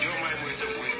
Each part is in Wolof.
You're my wisdom, wisdom.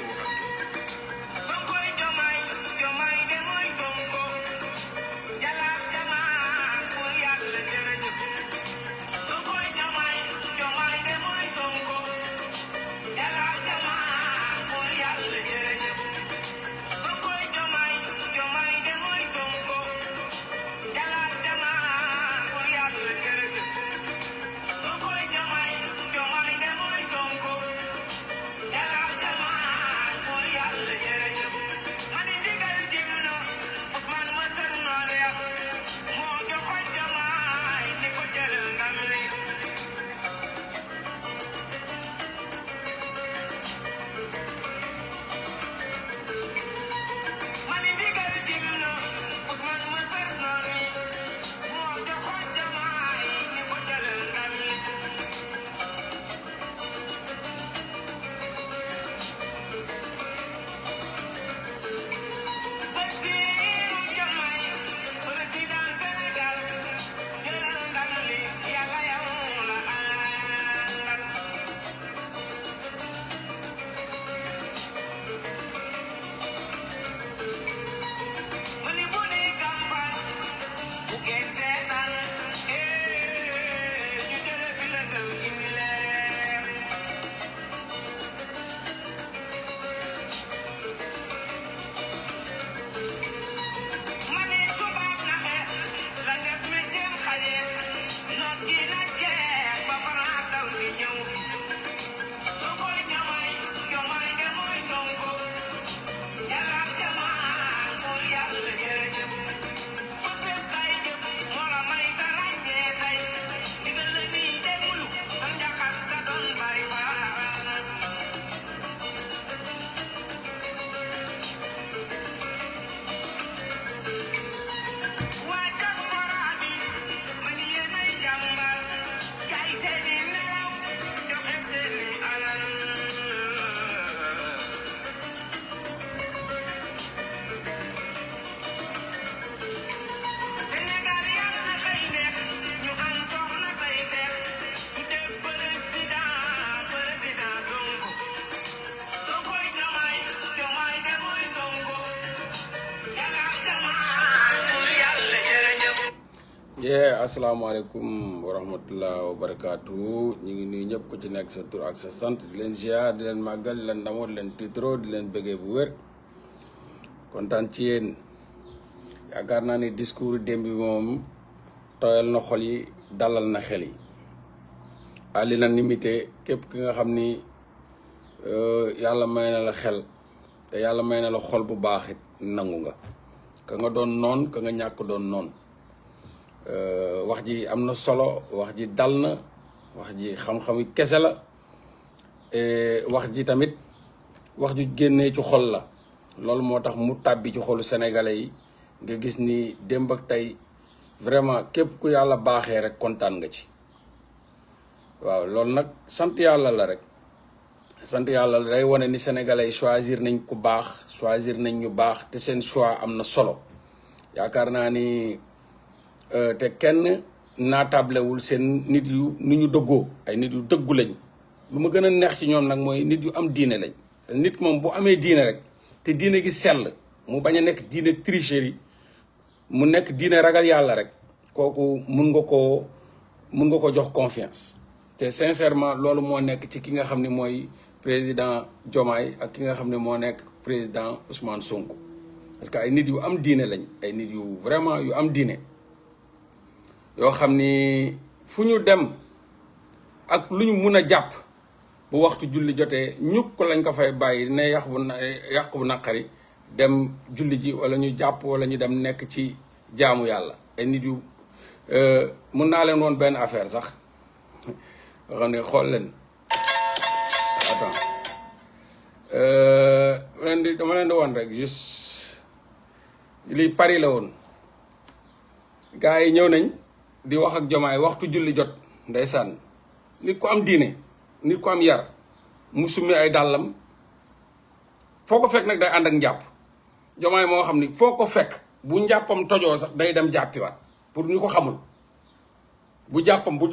Assalamualaikum wa wabarakatuh. wa barakaatu ñu ngi nuyu ñep ku ci nek sa tour ak sa sante di len ziar di len magal di len di len titro di len bu wër contane ci yeen ya, ni discours dembi mom toyal na xol yi dalal na xel yi na nimité kep ki nga xamni euh yalla mayna la xel te yalla mayna la xol bu baax it nangu nga ka nga don non ka nga ñak don non Euh, wax ji am na solo wax ji dal na wax ji xam-xamu kese la wax ji tamit wax ju génnee ci xol la loolu moo tax mu tàbbi ci xolu sénégalais yi nga gis ni démb ak tey vraiment képp ku yàlla baaxee rek kontaan nga ci waaw loolu nag sant yàlla la rek sant yàlla la day wane ni sénégalais yi choisir nañ ku baax choisir nañ ñu baax te seen choix am na solo yaakaar naa ni Euh, te kenn wul sen nit yu ni ñu dëggoo ay nit yu deggu lañ lu ma gën neex ci ñom nak moy nit yu am diiné lañ nit mom bu amé diiné rek te diiné gi sel mu baña nek diiné tricherie mu nek diiné ragal yalla rek koku mën nga ko mën nga ko jox confiance te sincèrement loolu mo nek ci ki nga xamni moy président Diomaye ak ki nga xamni mo nek président Ousmane Sonko parce que ay nit yu am diiné lañ ay nit yu vraiment yu am diiné yoo xamni ni dem ak luñu mëna japp bu waxtu julli ñuk ko lañ ko fay bayyi ne yaqbu yaqbu naqari dem julli ji wala ñu japp wala ñu dem nek ci jaamu yalla ay nit yu euh mëna leen won ben affaire sax rané ne leen attends euh, leen di dama leen di won rek juste li Paris la won gaay ñew nañ di wax ak waktu waxtu julli jot ndaysan nit ko am diine nit ko am yar mu summi ay dalam foko fek nak day and ak njapp jomay mo xamni foko fek bu njappam tojo sax day dem wat pour ñuko xamul bu jappam bu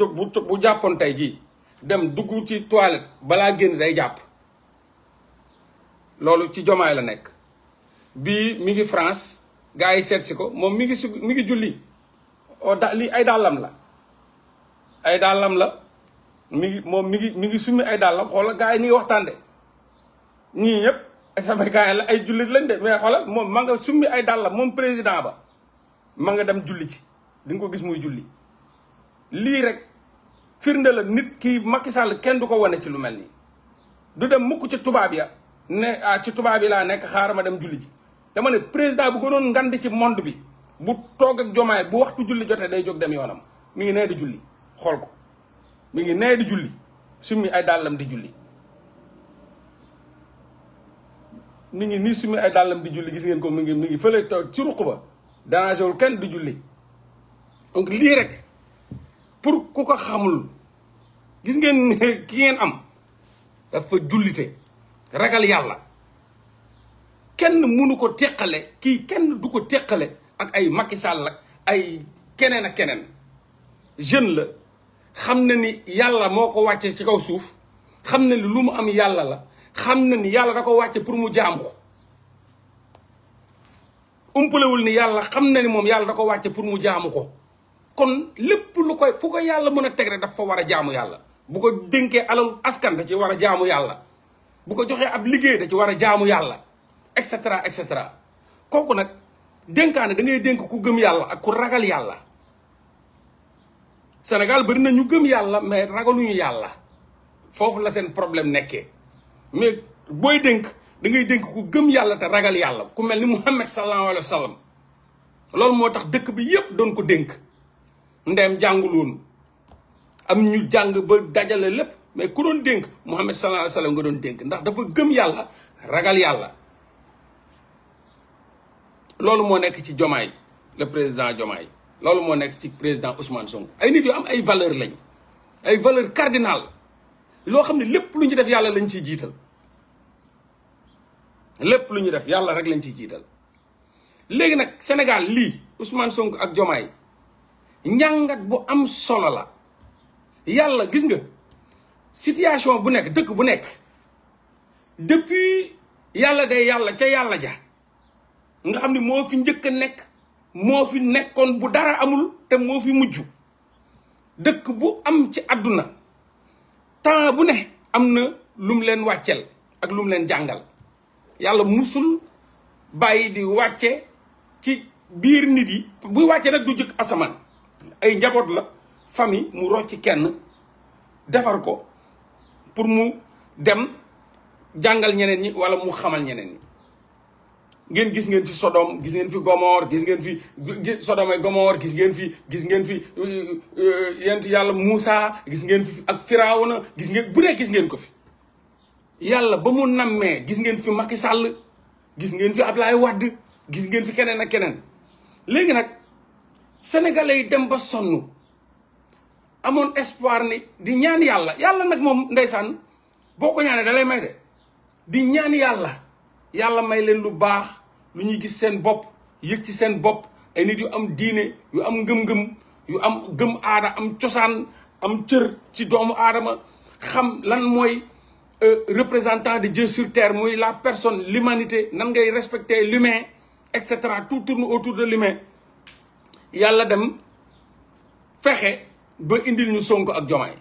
bu jappon tay ji dem duggu ci toilette bala genn day japp lolu ci jomay la nek bi mi ngi France gaay yi seet ko mom mi ngi mi ngi julli Oh, da lii ay dàllam la ay dàllam la mi ngi moom mi ngi mi ngi summi ay dàllam xoolal gars yi ñu ngi waxtaan de ñii ñëpp samay gars yi la ay jullit lañ de mais xoolal moom ma nga summi ay dàllam moom président ba ma nga dem julli ci di ko gis muy julli lii rek firnde la nit kii Macky Sall kenn du ko wane ci lu mel nii du dem mukk ci tubaab ya ne ah ci tubaab yi laa nekk xaaral ma dem julli ji dama ne président bu gënoon ngand ci monde bi bu toog ak jomaay bu waxtu julli jotee day jóg dem yoonam mi ngi nee di julli xool ko mi ngi nee di julli summi ay dàllam di julli mi ngi nii summi ay dàllam di julli gis ngeen ko mi ngi mi ngi fële taw ci ruq ba dérangéwul kenn di julli donc lii rek pour ku ko xamul gis ngeen ki ngeen am dafa jullite ragal yàlla kenn mënu ko teqale kii kenn du ko teqale ak ay Macky Sall ak ay keneen ak keneen jeune la xam na ni yàlla moo ko wàcce ci kaw suuf xam na ni lu mu am yàlla la xam na ni yàlla da ko wàcce pour mu jaamu ko umpalewul ni yàlla xam na ni moom yàlla da ko wàcce pour mu jaamu ko kon lépp lu koy fu ko yàlla mën a tegre daf dafa war a jaamu yàlla bu ko dénkee alal askan da ci war a jaamu yàlla bu ko joxee ab liggéey da ci war a jaamu yàlla et cetera cetera kooku nag dénkaane da ngay dénk ku gëm yàlla ak ku ragal yàlla Sénégal bari na ñu gëm yàlla mais ragaluñu yàlla foofu la seen problème nekkee mais booy dénk dangay ngay dénk ku gëm yàlla te ragal yàlla ku mel ni Muhammad sallallahu alayhi wa sallam loolu moo tax dëkk bi yépp doon ko dénk ndeem jàngul woon am ñu jàng ba dajale lépp mais ku doon dénk Muhammad sallallahu alayhi wa sallam nga doon dénk ndax dafa gëm yàlla ragal yàlla loolu moo nekk ci Diomaye le président Diomaye loolu moo nekk ci président Ousmane Sonko ay nit yu am ay valeur lañ ay valeur cardinale loo xam ne lépp lu ñu def yàlla lañ ciy jiital lépp lu ñu def yàlla rek lañ ciy jiital léegi nag Sénégal lii Ousmane Sonko ak Diomaye njàngat bu am solo la yàlla gis nga situation bu nekk dëkk bu nekk depuis yàlla de yàlla ca yàlla ja nga xamni mo fi ñëk nek nekk budara fi nekkon bu dara amul te mo fi mujj dekk bu am ci aduna temps bu ne amna lum leen waccel ak lum leen jangal yalla musul bayyi di wache ci bir nit yi bu wacce nak du jëk asaman ay njabot la fami mu rocc kenn defar ko pour mu dem jangal ñeneen ñi wala mu xamal ñeneen ñi ngeen gis ngeen fi Sodome gis ngeen fi Gomor gis ngeen fi Sodome ak Gomor gis ngeen fi gis ngeen fi yent yàlla Moussa gis ngeen fi ak Firawna gis ngeen bu dee gis ngeen ko fi yàlla ba mu nammee gis ngeen fi Macky Sall gis ngeen fi Ablaye Wade gis ngeen fi keneen ak keneen léegi nag sénégalais yi dem ba sonn amoon espoir ni di ñaan yàlla yàlla nag moom ndeysaan boo ko ñaanee da lay may de di ñaan yàlla yalla may leen lu bax lu ñuy gis seen bop yek ci seen bop ay nit yu am diiné yu am ngëm-ngëm yu am gëm aada am am cër ci doomu aadama xam lan euh, représentant de Dieu sur terre moy la personne l'humanité nan ngay respecter l'humain etc. tout tourne autour de l'humain yalla dem fexé ba indil ñu Sonko ak Diomaye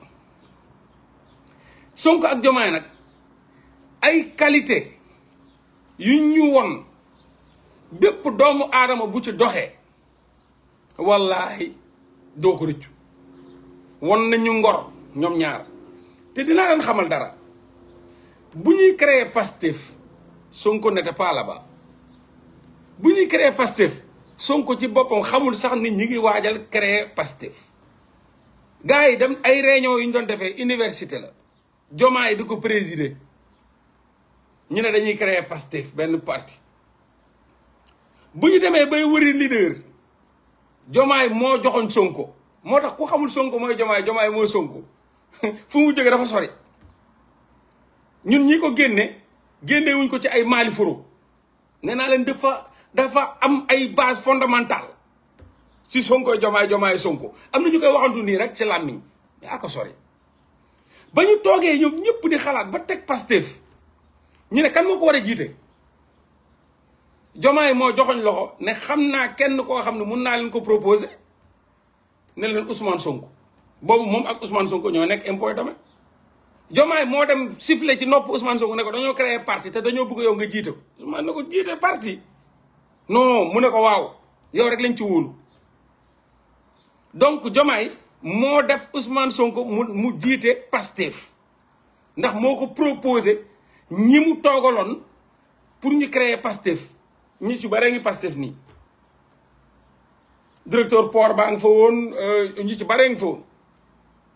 Sonko ak nak ay qualité yu ñu won bépp doomu aadama bu ci doxee wallaahi doo ko rëccu won nañu ngor ñoom ñaar te dinaa leen xamal dara bu ñuy créer Pastef Sonko n'était pas là bu ñuy créer Pastef Sonko ci boppam xamul sax nit ñi ngi waajal créer Pastef gars yi dem ay réunion yu ñu doon defee université la jomaa yi di ko présider ñu ne dañuy créer Pastef benn parti bu ñu demee bay wëri leader jomaay moo joxoon Sonko moo tax ku xamul Sonko mooy jomaay jomaay moo Sonko fu mu dafa sori ñun ñi ko génne génne ko ci ay maali furo nee naa leen dafa dafa am ay base fondamentale si Sonko jomaay jomaay Sonko am na ñu koy waxantu nii rek ci làmmiñ yaa ko sori ba ñu toogee ñoom ñëpp di xalaat ba teg Pastef ñu ne kan moo ko war a jiite jomaay moo joxoñ loxo ne xam naa kenn koo xam ne mun naa leen ko proposer ne leen Ousmane Sonko boobu moom ak Ousmane Sonko ñoo nekk impôt domaine jomaay moo dem siffler ci nopp Ousmane Sonko ne ko dañoo créer parti te dañoo bëgg yow nga jiite ko Ousmane ne ko jiite parti non mu ne yow rek lañ ci wóolu donc jomaay moo def Ousmane Sonko mu mu jiite Pastef ndax moo ko proposé ni mu toogaloon pour ñu créer pastef ñi ci bare ngi pastef ni directeur port baa nga fa woon euh, ñi ci bare ngi fa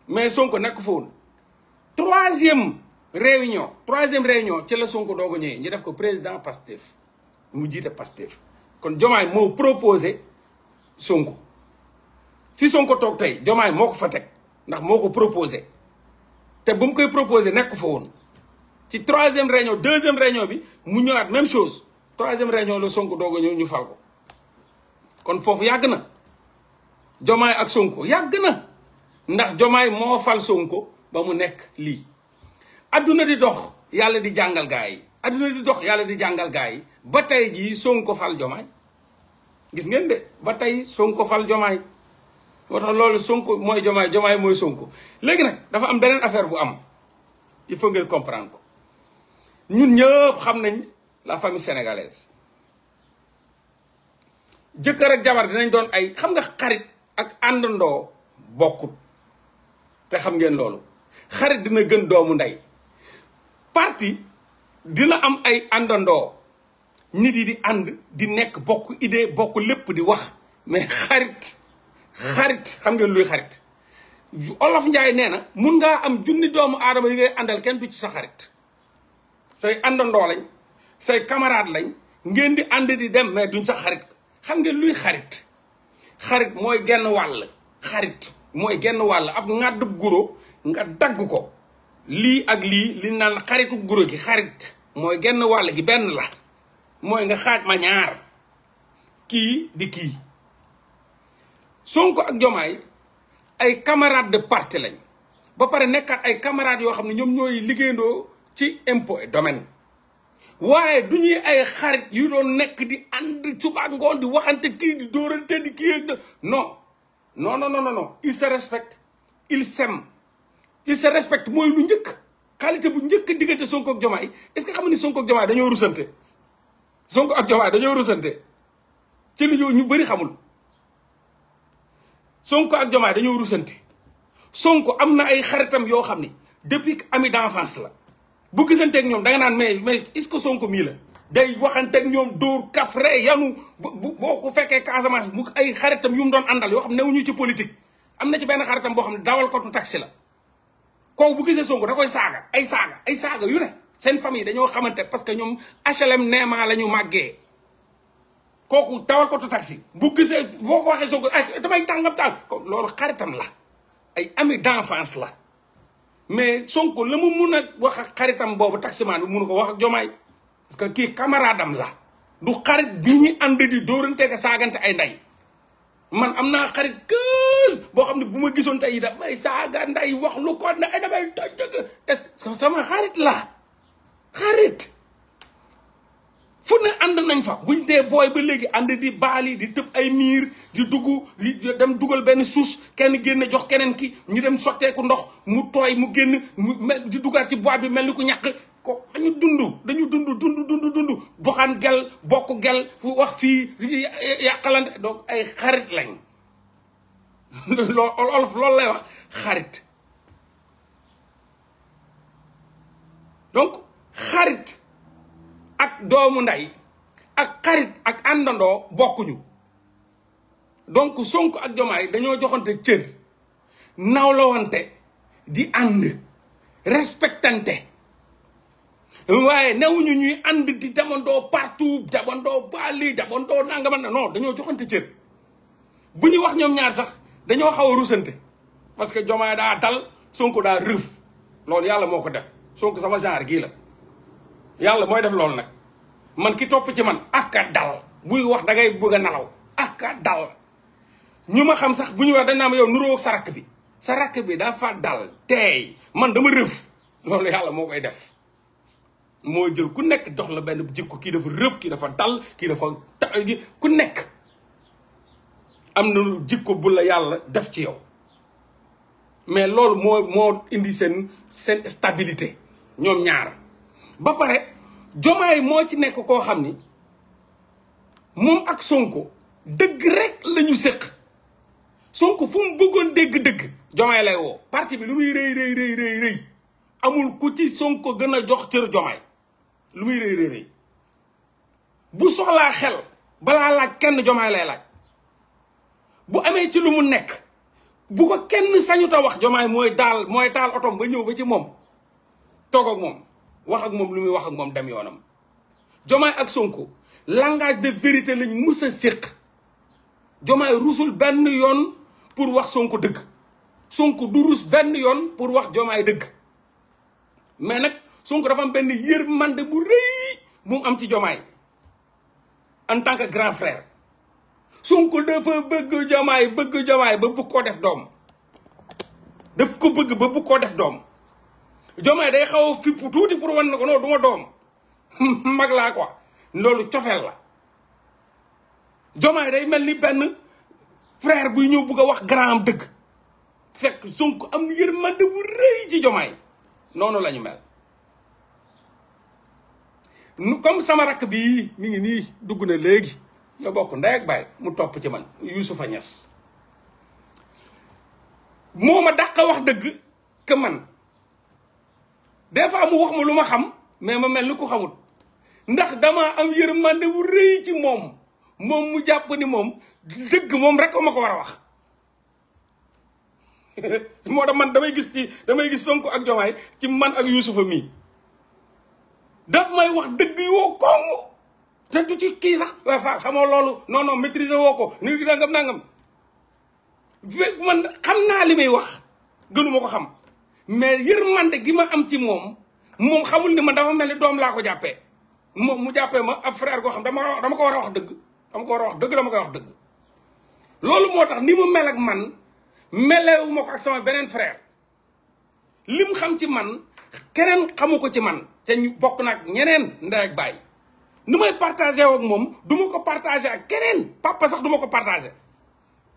mais Sonko nek fa woon troisième réunion troisième réunion ci la Sonko dogo ñe ñëwee def ko président pastef mu jité pastef kon jomay mo proposer Sonko si Sonko tok tay jomay moko fa tek ndax moko proposer té bu mu koy proposer nek fa won ci troisième réunion deuxième réunion bi mu ñëwaat même chose troisième réunion la Sonko doogu a ñu fal ko kon foofu yàgg na Jomaay ak Sonko yàgg na ndax Jomaay moo fal Sonko ba mu nekk lii. adduna di dox yàlla di jàngal gaay yi yàlla di jàngal gaay ba tey ji Sonko fal Jomaay gis ngeen de ba tey Sonko fal Jomaay moo tax loolu Sonko mooy Jomaay Jomaay mooy Sonko léegi nag dafa am beneen affaire bu am il faut ngeen comprendre ko. ñun ñëpp xam nañ la famille sénégalaise jëkkër ak jabar dinañ doon ay xam nga xarit ak àndandoo bokkut te xam ngeen loolu xarit dina gën doomu ndey parti dina am ay àndandoo nit yi di ànd di nekk bokk idée bokk lépp di wax mais xarit xarit xam ngeen luy xarit olof njaay nee na mun ngaa am junni doomu aadama yi ngay àndal kenn du ci sa xarit say àndandoo lañ say camarade lañ ngeen di ànd di dem mais duñ sax xarit xam ngeen luy xarit xarit mooy genn wàll xarit mooy genn wàll ab ŋàddub guro nga dagg ko lii ak lii li naan xaritu guro gi xarit mooy genn wàll gi benn la mooy nga xaaj ma ñaar kii di kii Sonko ak Jomaay ay camarade de parti lañ ba pare nekkaat ay camarades yoo xam ne ñoom ñooy liggéeyandoo ci impôt et domaine waaye du ñuy ay xarit yu doon nekk di ànd suba ak ngoon di waxante kii di dóorante di kii ak non non no non non il se respecte il s'aime il se respecte mooy lu njëkk qualité bu njëkk diggante Sonko ak Diomaye est-ce que xam nga ni Sonko ak Diomaye dañoo rusante Sonko ak Diomaye dañoo rusante ci ñu bëri xamul Sonko ak Diomaye dañoo rusante Sonko am na ay xaritam yoo xam ni depuis ami d'enfance la bu gisanteeg ñoom danga naan mais mais est-ce que Sonko mii la day waxanteeg ñoom dóor kafre yanu bu boo ko fekkee Casamance mu ay xaritam yu mu doon àndal yoo xam ne newuñu ci politique am na ci benn xaritam boo xam ne dawal kotu taxi la kooku bu gisee Sonko da koy saaga ay saaga ay saaga yu ne seen famille dañoo xamante parce que ñoom HLM neema la ñu màggee kooku dawal kotu taxi bu gisee boo ko waxee Sonko ay damay tàngam tàng loolu xaritam la ay ami d'enfance la mais Sonko la mu mun a wax ak xaritam boobu taximaan bi munu ko wax a Jomaay parce que kii camaradam la du xarit bi ñuy ànd di dóorante ak saagante ay ndey man am naa xarit kës boo xam ne bu ma gisoon tey daf may saaga ndey wax lu ko ne ay damay toj est-ce sama xarit la xarit fu ne ànd nañ fa buñ dee booy ba léegi ànd di baali di tëb ay miir di dugg di dem dugal benn suus kenn génn jox keneen ki ñu dem sotteeku ndox mu tooy mu génn mu mel di duggaat ci boîte bi mel ni ku ñàkk ko dund dañu dund dund dund dund doxaan gel bokk gel wax fii yàqalante donc ay xarit lañ loo olof loolu lay wax xarit donc xarit ak doomu ndey ak xarit ak àndandoo bokkuñu donc Sonko ak Jomaay dañoo joxante cër nawlawante di ànd respectante waaye newuñu ñuy ànd di jamandoo partout jamandoo baali jamandoo nangama na non dañoo joxante cër bu ñuy wax ñoom ñaar sax dañoo xaw a rusante parce que Jomaay daa dal Sonko daa rëf loolu yàlla moo ko def Sonko sama genre gii la yalla moy def lol nak man ki top ci man aka dal buy wax da ngay bëgg nalaw aka dal ñuma xam sax buñu wax dañ na bi dafa dal tay man dama reuf lolou yalla mo koy def mo jël ku nek dox la ben jikko ki dafa reuf ki dafa dal ki dafa ku nek am jikko bu la yalla def ci yow mais lolou mo mo indi sen sen stabilité ñom ñaar ba pare jomaay moo ci nekk koo xam ni moom ak sonko dëgg rek la ñu séq sonko fu mu bëggoon dégg-dëgg jomaay lay woo parti bi lu muy rëy rëy rëy amul ku ci sonko gën a jox cër jomaay lu muy rëy rëy bu soxlaa xel balaa laaj kenn jomaay lay laaj bu amee ci lu mu nekk bu ko kenn sañu wax jomaay mooy daal mooy taal otom ba ñëw ba ci moom toog moom wax ak moom lu muy wax ak moom dem yoonam Jomaay ak Sonko langage de vérité lañ mu a séq Jomaay rusul benn yoon pour wax Sonko dëgg Sonko du ruus benn yoon pour wax Jomaay dëgg mais nag Sonko dafa am benn yërmande bu rëy bu mu am ci Jomaay en tant que grand frère Sonko dafa bëgg Jomaay bëgg Jomaay ba bëgg koo def doom daf ko bëgg ba bëgg koo def doom Diomaye day xaw a fipp tuuti pour wan ne ko non du ma doom mag laa ko loolu cofeel la Diomaye day mel ni benn frère buy ñëw bugg a wax grand am dëgg fekk Sonko am yërmande bu rëy ci Diomaye noonu lañu ñu mel nu comme sama rakk bi mu ngi nii dugg na léegi ñoo bokk ndey ak baay mu topp ci man Youssoufa Niass moo ma dàq wax dëgg que man des fois mu wax ma lu ma xam mais ma mel ni ku xamut ndax damaa am yërmande bu rëy ci moom moom mu jàpp ni moom dëgg moom rek ma ko moo tax man damay gis ci damay gis Sonko ak Jomaay ci man ak Yuusufa mii daf may wax dëgg yoo kongu te du ci kii sax waaye fa xamoo loolu non non woo ko ni nangam nangam fekk man xam naa li may wax gënuma ko xam mais yërmande gi ma am ci moom moom xamul ni man dafa mel ni doom laa ko jàppe moom mu jàppee ma a frère goo xam dama dama ko war a wax dëgg dama ko war a wax dëgg dama koy wax dëgg loolu moo tax ni mu mel ak man melewu ma ko ak sama beneen frère lim xam ci man keneen xamu ko ci man te ñu bokk nag ñeneen ndey ak baay nu may partagé ak moom du ko partagé ak keneen papa sax duma ko partagé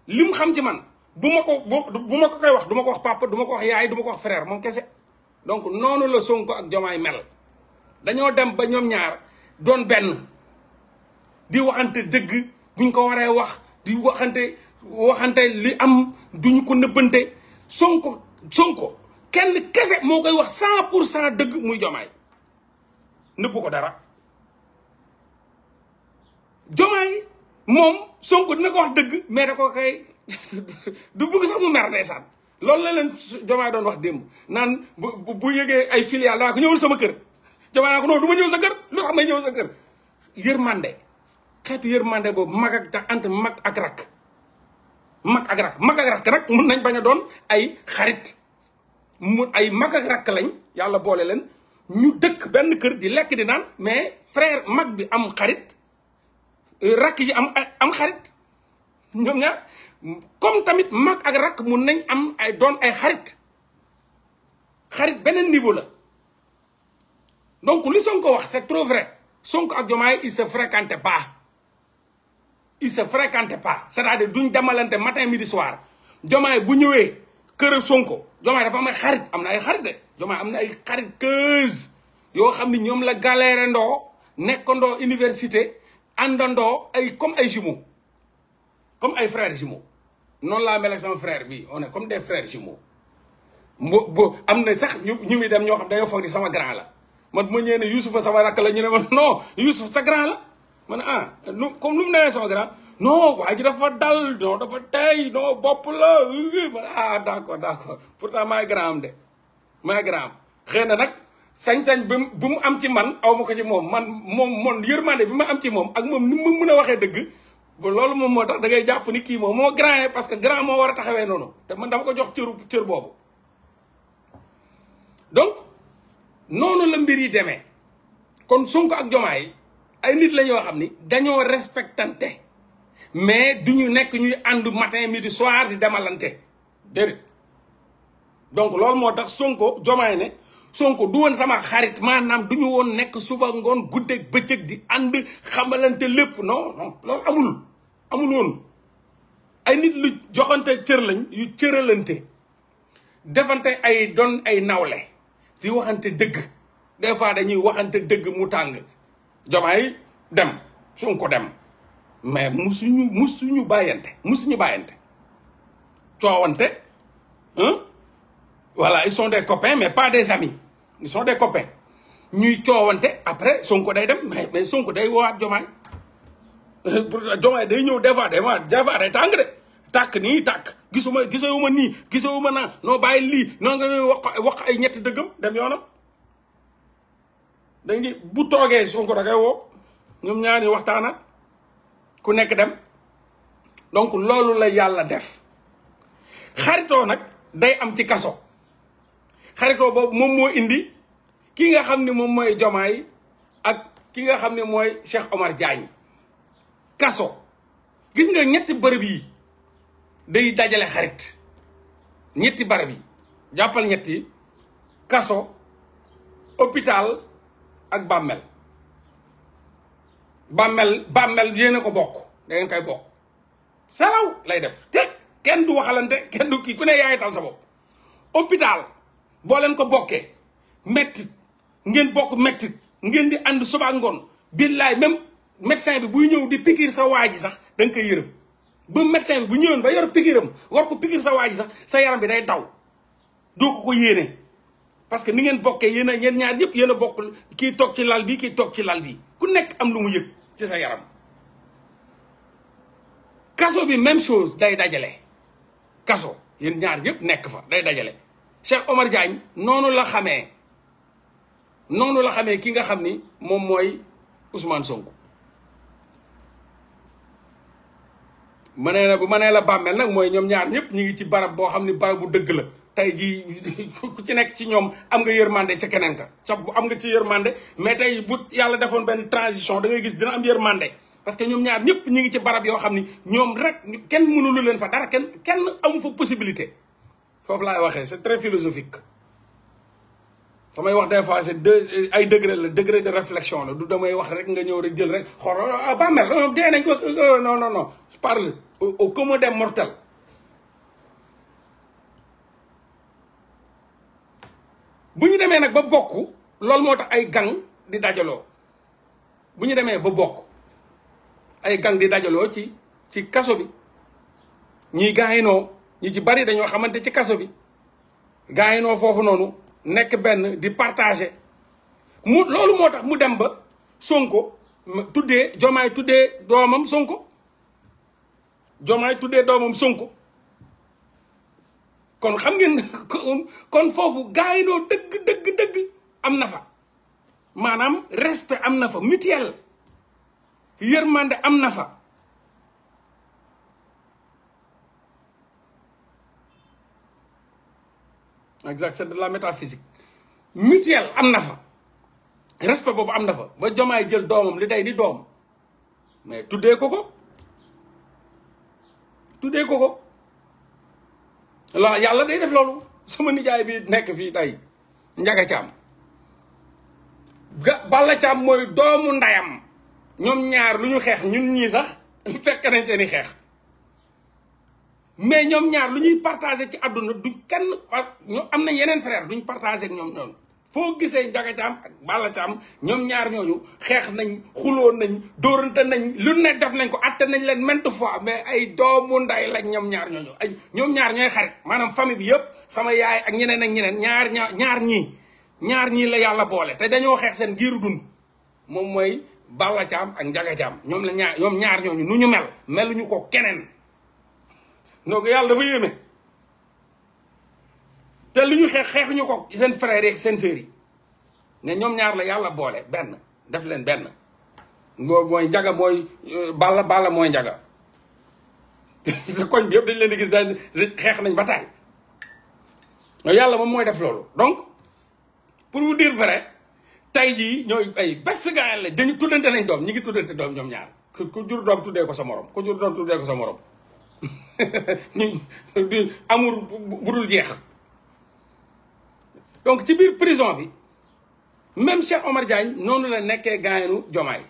lim xam ci man bu ma ko bu ma ko koy wax du ma ko wax papa duma ko wax yaay duma ko wax frère moom kese donc noonu la Sonko ak Jomaay mel dañoo dem ba ñoom ñaar doon benn di waxante dëgg buñ ko waree wax di waxante waxante li am duñu ko nëbbante Sonko Sonko kenn kese moo koy wax sant pour cent dëgg muy Jomaay nëbb ko dara Jomaay moom Sonko dina ko wax dëgg mais da ko koy du bëgg sax mu mer ndeysaan loolu la leen jomaay doon wax démb naan bu bu yëgee ay filial daa ko ñëwal sama kër jomaay naa ko non du ma ñëw sa kër lu tax may ñëw sa kër yërmande xeetu yërmande boobu mag ak tax ant mag ak rak mag ak rak mag ak nañ bañ a doon ay xarit mu ay mag lañ yàlla boole leen ñu dëkk benn kër di lekk di naan mais frère mag bi am xarit rak yi am am xarit ñoom ñaar comme tamit mak ak rak am ay doon ay xarit xarit benen niveau la donc li Sonko wax c'est trop vrai Sonko ak Diomaye il se fréquente pas il se fréquente pas c'est-à-dire duñ demalante matin midi soir Diomaye bu ñëwé keur Sonko Il dafa am ay xarit am ay xarit de Diomaye amna ay xarit la galère ndo. université andando ay comme ay jumeaux comme ay frères jumeaux noonu laa mel ak sama frère bi on est comme des frères jumeaux mbo bo am na sax ñu ñu muy dem ñoo xam dañoo foog ni sama grand la man bu ma ñëwee ne Youssouf sama rakk la ñu ne ma non ma ne ah comme lu mu newee sama grand non waa ji dafa dal non dafa tey non bopp la ma ah d' accord d' accord pourtant grand am de maay grand am xëy na nag sañ-sañ bi bu mu am ci man aw ma ko ci moom man moom moom yërmande bi ma am ci moom ak moom ni mu mën a waxee dëgg. ba loolu moom moo tax da ngay jàpp ni kii moom moo grand parce que grand moo war a taxawee noonu te man dama ko jox cëru cër boobu donc noonu la mbir yi demee kon Sonko ak yi ay nit la ñoo xam ni dañoo respectante mais du ñu nekk ñuy ànd matin midi soir di demalante déedéet donc loolu moo tax Sonko Jomaay ne Sonko du woon sama xarit maanaam du ñu woon nekk suba ngoon guddeeg bëccëg di ànd xamalante lépp noo non loolu amul amul woon ay nit lu joxante cër lañ yu cërëlante defante ay doon ay nawle di waxante dëgg des fois dañuy waxante dëgg mu tàng jomaay dem Sonko dem mais musuñu musuñu bàyyante musuñu bàyyante coowante voilà ils sont des copains mais pas des amis ils sont des copains ñuy coowante après Sonko day dem mais mais Sonko day woowaat Jomaay euh, day ñëw des fois des fois des tàng de tàkk nii tàkk gisuma gisewuma nii gisewuma naa noo bàyyi lii noo nga wax wax ay ñetti dëggam dem yoonam dañuy bu toogee Sonko da koy woo ñoom ñaar ñi ku nekk dem donc loolu la yàlla def xaritoo nag day am ci kaso xaritoo boobu moom moo indi ki nga xam ne moom mooy Jomaay ak ki nga xam ne mooy Cheikh Omar Diagne kaso gis nga ñetti bërëb yi day dajale xarit ñetti barab yi jàppal ñetti kaso hôpital ak bàmmel bàmmel bàmmel yéen a ko bokk da ngeen bokk salaw lay def te kenn du waxalante kenn du kii ku ne yaay tal sa bopp hôpital boo leen ko bokkee mettit ngeen bokk mettit ngeen di ànd suba ngoon billaay même médecin bi buy ñëw di pikiir sa waa sax da nga koy yërëm ba médecin bi bu ñëwoon ba yor pikiiram war ko pikiir sa waa sax sa yaram bi day daw doo ko ko yéene parce que ni ngeen bokkee yéen a ngeen ñaar yëpp yéen a bokk kii toog ci lal bi kii toog ci lal bi ku nekk am lu mu yëg ci sa yaram kaso bi même chose day dajale kaso yéen ñaar yëpp nekk fa day dajale Cheikh Omar Diagne noonu la xamee noonu la xamee ki nga xam ni moom mooy Ousmane Sonko ma nee na bu ma nee la bàmmeel nag mooy ñoom ñaar ñëpp ñu ngi ci barab boo xam ni barabu dëgg la tey jii ku ci nekk ci ñoom am nga yërmande ca keneen ka ca bu am nga ci yërmande mais tey bu yàlla defoon benn transition da ngay gis dina am yërmande parce que ñoom ñaar ñëpp ñu ngi ci barab yoo xam ni ñoom rek kenn lu leen fa dara kenn kenn amu fa possibilité foofu laay waxee c'est très philosophique samay wax des fois de ay degré la degré de réflexion la du damay wax rek nga ñëw rek jël rek xor oh, ah, bàmmel oh, dee nañ ko oh, non non non je parle au commun des mortels bu ñu demee nag ba bokk loolu moo tax ay gang di dajaloo bu ñu demee ba bokk ay gang di dajaloo ci ci kaso bi ñi ñiy gaayinoo ñu ci bari dañoo xamante ci kaso bi gars yi noo foofu noonu nekk benn di partagé mu loolu moo tax mu dem ba Sonko tuddee Jomaay tuddee doomam Sonko Jomaay tuddee doomam Sonko kon xam ngeen kon foofu gars yi noo dëgg dëgg dëgg am na fa maanaam respect am na fa mutuel yërmande am na fa. exact c'est de la métaphysique mutuelle am na fa respect boobu am na fa ba jomaay jël doomam li day di doom mais tuddee ko ko tuddee ko ko la yàlla day def loolu sama nijaay bi nekk fii tey njaga caam ga balla caam mooy doomu ndayam ñoom ñaar lu ñu xeex ñun ñii sax fekk nañ seeni xeex mais ñoom ñaar lu ñuy partagé ci àdduna du kenn ñu am nañ yeneen frère duñ partagé ak ñoom ñooñu foo gisee Ndiaga Thiam ak Balla Thiam ñoom ñaar ñooñu xeex nañ xuloo nañ ta nañ lu ne def nañ ko atte nañ leen maintes fois mais ay doomu nday lañ ñoom ñaar ñooñu ay ñoom ñaar ñooy xarit maanaam famille bi yëpp sama yaay ak ñeneen ak ñeneen ñaar ñaar ñaar ñii ñaar ñii la yàlla boole te dañoo xeex seen giiru dund moom mooy Balla Thiam ak Ndiaga Thiam ñoom la ñaar ñoom ñaar ñooñu nu ñu mel ñu ko keneen donc yàlla dafa yéeme te lu ñu xeex xeexuñu ko seen frères yeeg seen sœurs yi ne ñoom ñaar la yàlla boole benn def leen benn ngoo mooy njaga mooy euh, balla balla mooy njaga te koñ bi yëpp dañ leen di gis dañ xeex nañ ba taay yàlla moom mooy def loolu donc pour vous dire vrai tey jii ñooy ay best gars la dañu tuddante nañ doom ñi ngi tuddante doom ñoom ñaar ku jur doom tuddee ko sa morom ku jur doom tuddee ko sa morom ñu amour bu dul jeex donc ci biir prison bi même Cheikh Omar Diagne noonu la nekkee gaayanu Jomaay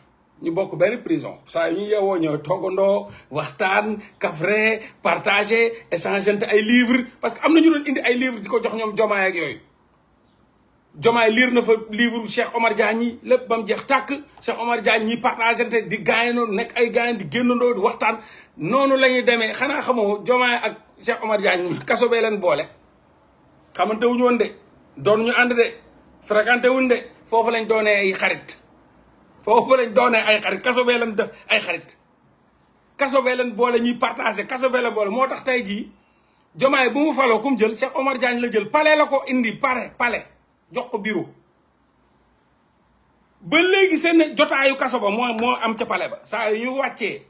ñu bokk benn prison saa yu ñu yeewoo ñoo toogandoo waxtaan kafre partager échanger ay livres parce que am na ñu doon indi ay livre di ko jox ñoom Jomaay yooyu. Jomaay liir na fa livre Cheikh Omar Diagne lépp ba mu jeex tàkk Cheikh Omar Diagne ñi partagé te di gaayandoo nekk ay gaayand di génnandoo di waxtaan noonu la ñuy demee xanaa xamoo Jomaay ak Cheikh Omar Diagne kaso bee leen boole. xamante wuñu woon de doon ñu ànd de wuñ de foofu lañ doonee ay xarit foofu lañ ay xarit kaso bee leen def ay xarit kaso leen boole ñuy partagé kaso bee leen boole moo tax tey jii Jomaay bu mu faloo ku mu jël Cheikh Omar Diagne la jël pale la ko indi pare pale. jox ko bureau ba léegi seen jotaayu kaso ba moo moo am ca pale ba saa yu ñu wàccee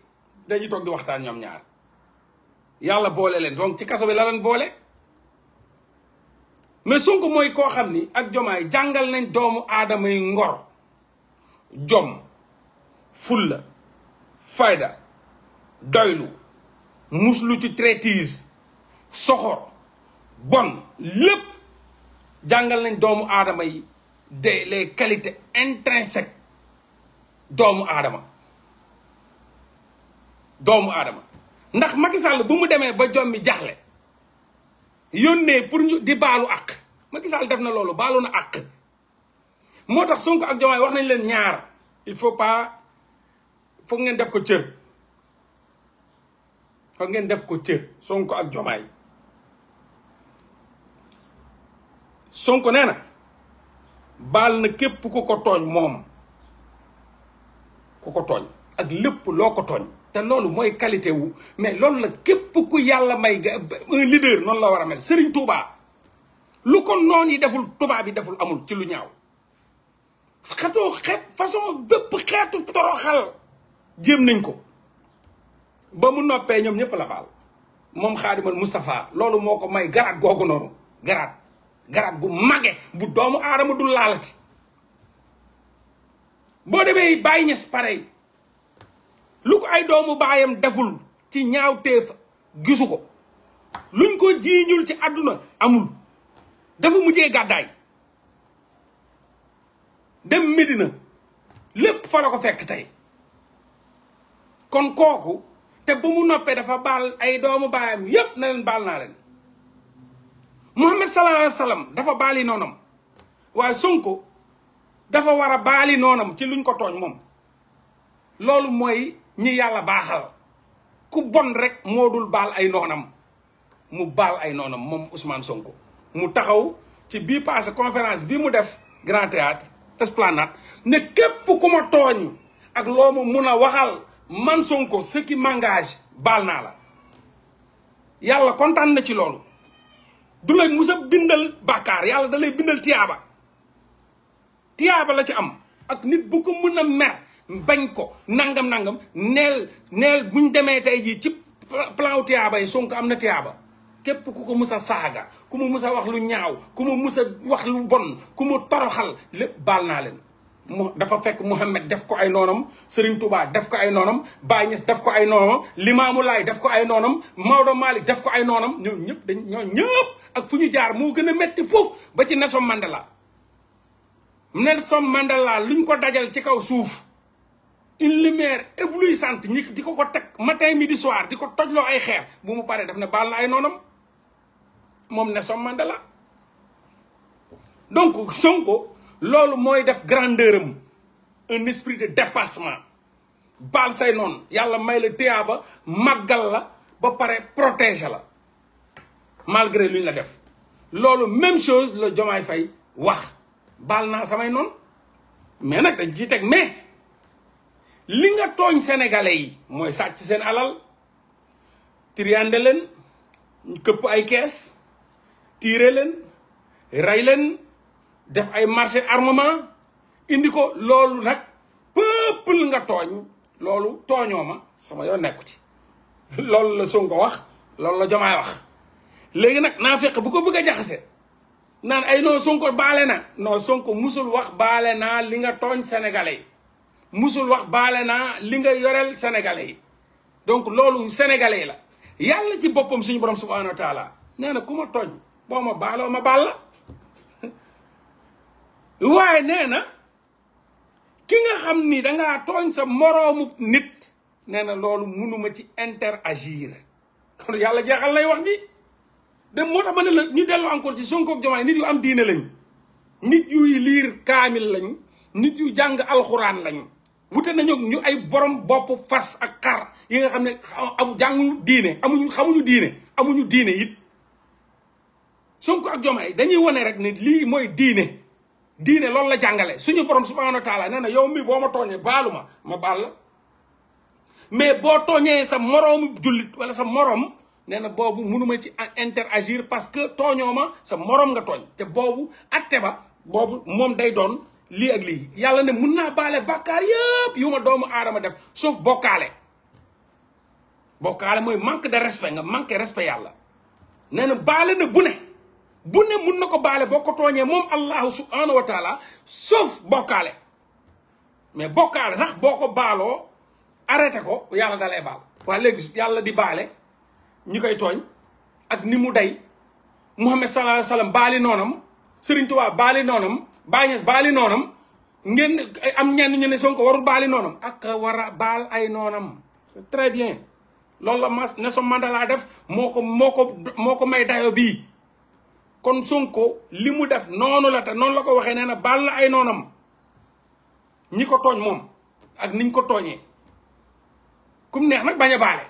dañuy toog di waxtaan ñoom ñaar yàlla boole leen donc ci kaso bi la leen boole mais Sonko mooy koo xam ni ak jomaay jàngal nañ doomu aadama yi ngor jom fulla fayda doylu muslu ci traitise soxor bon lépp jàngal nañ doomu aadama yi de les qualités intrinsèques doomu aadama doomu aadama ndax Macky Sall bu mu demee ba jommi jaxle yónnee pour ñu di baalu àq Macky Sall def na loolu baalu na àq moo tax sunk ak Diomaye wax nañ leen ñaar il faut pas foo ngeen def ko cër foog ngeen def ko cër Sonko ak Diomaye Sonko nee na baal na képp ku ko tooñ moom ku ko tooñ ak lépp loo ko tooñ te loolu mooy qualité wu mais loolu la képp ku yàlla may nga un noon la war a mel Serigne Touba lu ko noon yi deful Touba bi deful amul ci lu ñaaw xeto xeet façon bépp xeetu toroxal jéem nañ ko ba mu noppee ñoom ñëpp la baal moom xaadimal Moustapha loolu moo ko may garaat googu noonu garaat garab gu mage bu doomu aadama du laalati boo demee bàyyi pare parey lu ko ay doomu baayam deful ci ñaaw téef gisu ko luñ ko jiiñul ci àdduna amul dafa mujjee gàddaay dem Medina lépp fa la ko fekk tey kon kooku te bu mu noppee dafa baal ay doomu baayam yépp na leen baal naa leen Mouhamed sallallahu alayhi wa sallam dafa baali noonam waaye Sonko dafa war a baali noonam ci luñ ko tooñ moom loolu mooy ñi yàlla baaxal ku bon rek moo dul baal ay noonam mu baal ay noonam moom Ousmane Sonko mu taxaw ci biir passé conférence bi mu def Grand Théâtre Esplanade ne képp ku ma tooñ ak loo ma mun a waxal man Sonko ce mangage baal naa la yàlla kontaan na ci loolu du lay musa bindal bàkkaar yàlla da lay bindal tiyaaba tiyaaba la ci am ak nit bu ko mën a mer bañ ko nangam nangam neel neel buñ demee tey jii ci plan wu tiyaaba yi Sonko am na tiyaaba képp ku ko mus a saaga ku mu mus wax lu ñaaw ku mu mus wax lu bon ku mu toroxal lépp baal naa leen mu dafa fekk Mouhamed def ko ay noonam Serigne Touba def ko ay noonam Baye Niass def ko ay noonam Limaamu Laay def ko ay noonam Maodo Malick def ko ay noonam ñoom ñëpp dañ ñoo ñëpp ak fu ñu jaar moo gën a metti foofu ba ci Nelson Mandela Nelson Mandela luñ ko dajal ci kaw suuf une lumière sant ñi di ko ko teg matin midi soir di ko tojloo ay xeer bu mu paree def ne baal na ay noonam moom Nelson Mandela donc Sonko loolu moy def grandeurum un esprit de dépassement bal say non yalla may le téyaa ba la ba paré protéger la malgré luñ la def loolu même chose le jomay fay wax bal na samay non mais nak dañ ci tek mais li nga togn sénégalais yi moy sacc sen alal triandé len këpp ay caisse tiré len ray len def ay marché armement indi ko lolou nak peuple nga togn lolou tooñoo ma sama yo nekku ci loolu la songo wax lolou la jomay wax legui nak nafiq bu ko bëgg a jaxase ay non songo balena na non Sonko musul wax balena li nga togn sénégalais musul wax balena li nga yorel sénégalais donc lolou sénégalais la yalla ci bopam suñu borom subhanahu wa taala na togn boma tooñ ma waaye nee na ki nga xam ni danga tooñ sa moroomu nit nee na loolu munuma ci interagir loolu yàlla jeexal lay wax ji dem moo tax ma ne la ñu dellu encore ci Sonko ak Diomaye am diine lañ nit yuy liir kaamil lañ nit yu jàng alxuraan lañ wute nañu ñu ay borom bopp fas ak xar yi nga xam ne am jàngu amuñu xamuñu diine amuñu diine it Sonko ak Diomaye dañuy wone rek nit lii mooy diine diine lol la jàngale suñu borom subhanahu wa taala nee na yow mi bo ma tooñee baalu ma ma mais bo tooñee sa morom julit wala sa morom nee na boobu mënuma ci interagir parce que tooñoo sa morom nga tooñ te bobu atte ba bobu mom day don li ak li yalla ne mun naa baale bàkkaar yuma yu doomu adama def sauf bokalé bokalé moy manque de respect nga manque respect yalla nee na na bu ne bu ne mun na ko baale boo ko tooñee moom allahu subhanahu wa taala sauf bokkaale mais bokkaale sax boo ko baaloo arrêté ko yàlla da lay baal waa léegi yàlla di baale ñi koy tooñ ak ni mu day Muhammad sallallahu alayhi wa sallam baali noonam Sëriñ Tuubaa baali noonam Baay baali noonam ngeen am ñenn ñu ne Sonko warul baali noonam ak war a baal ay noonam c'est très bien loolu la ma Nelson Mandela def moo ko moo ko moo ko may dayo bii kon Sonko li mu def noonu la te noonu la ko waxee nee na baal na ay noonam ñi ko tooñ moom ak niñ ko tooñee kum neex nag bañ a baale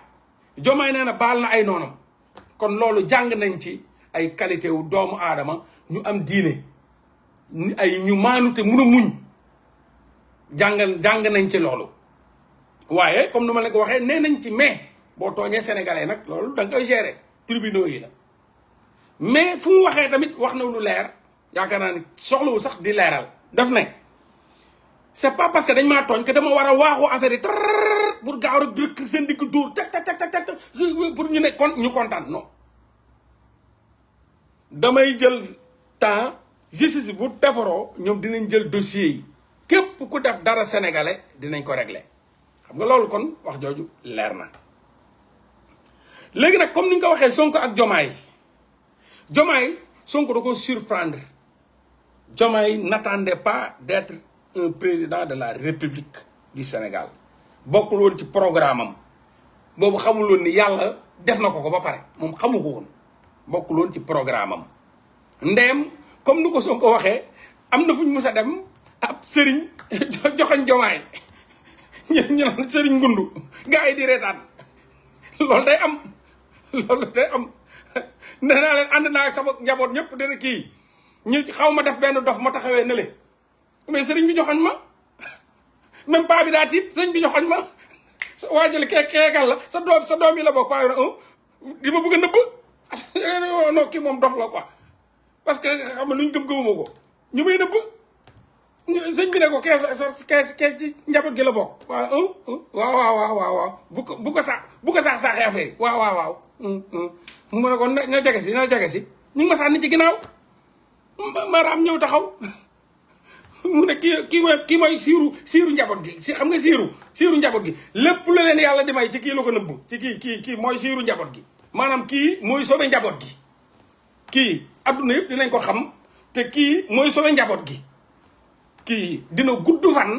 jomaay nee na baal na ay noonam kon loolu jàng nañ ci ay qualité wu doomu aadama ñu am diine ay ñu maanute mun a muñ jàngal jàng nañ ci loolu waaye comme nu ma la ko waxee nee nañ ci mais boo tooñee sénégalais nag loolu da nga koy gérer tribunaux yi la mais fu mu waxee tamit wax na lu leer yaakaar naa ni soxlawul sax di leeral daf ne c'est pas parce que dañ maa tooñ que war a waaxu affaire yi tarrr pour gaaw rek seen digg dóor tak tak tak tak pour ñu ne ñu kontaan non damay jël temps justice bu defaroo ñoom dinañ jël dossier yi képp ku def dara sénégalais dinañ ko regle xam nga loolu kon wax jooju leer na léegi nag comme ni ñu ko waxee Sonko ak Jomaay Diomaye Sonko da ko surprendre Diomaye n'attendait pas d'être un président de la République du Sénégal bokkul woon ci programme am boobu xamul woon ni yàlla def na ko ba pare moom xamu ko ci programme Ndem, comme nous ko Sonko waxee am na fu dem ab sëriñ joxañ Diomaye ñu naan sëriñ ngundu gars di day am loolu day am nee naa leen ànd naa ak sama njaboot ñëpp dana kii ñu xaw ma def benn dof ma taxawee nële mais sëriñ bi joxoon ma même paa bi daa tiit sëriñ bi joxoon ma sa sa sa doom la bokk paa oh, ma bëgg a nëbb moom dof parce que xam nga luñ gëm gëmuma ko ñu may nëbb sëñ bi ne gi la bokk oh, oh, waaw waaw waaw waaw waaw bu ko bu ko sax bu ko sax waaw waaw mu ne ko na jage si na jage si ñu ngi ma sànni ci ginnaaw maanaam ñëw taxaw mu ne kii kii mooy kii mooy siiru siiru njaboot gi si xam nga siiru siiru njaboot gi lépp lu yàlla di may ci kii ko nëbb ci kii kii kii mooy siiru njaboot gi maanaam kii mooy sobe njaboot gi kii adduna yëpp dinañ ko xam te kii mooy sobe njaboot gi kii dina gudd fan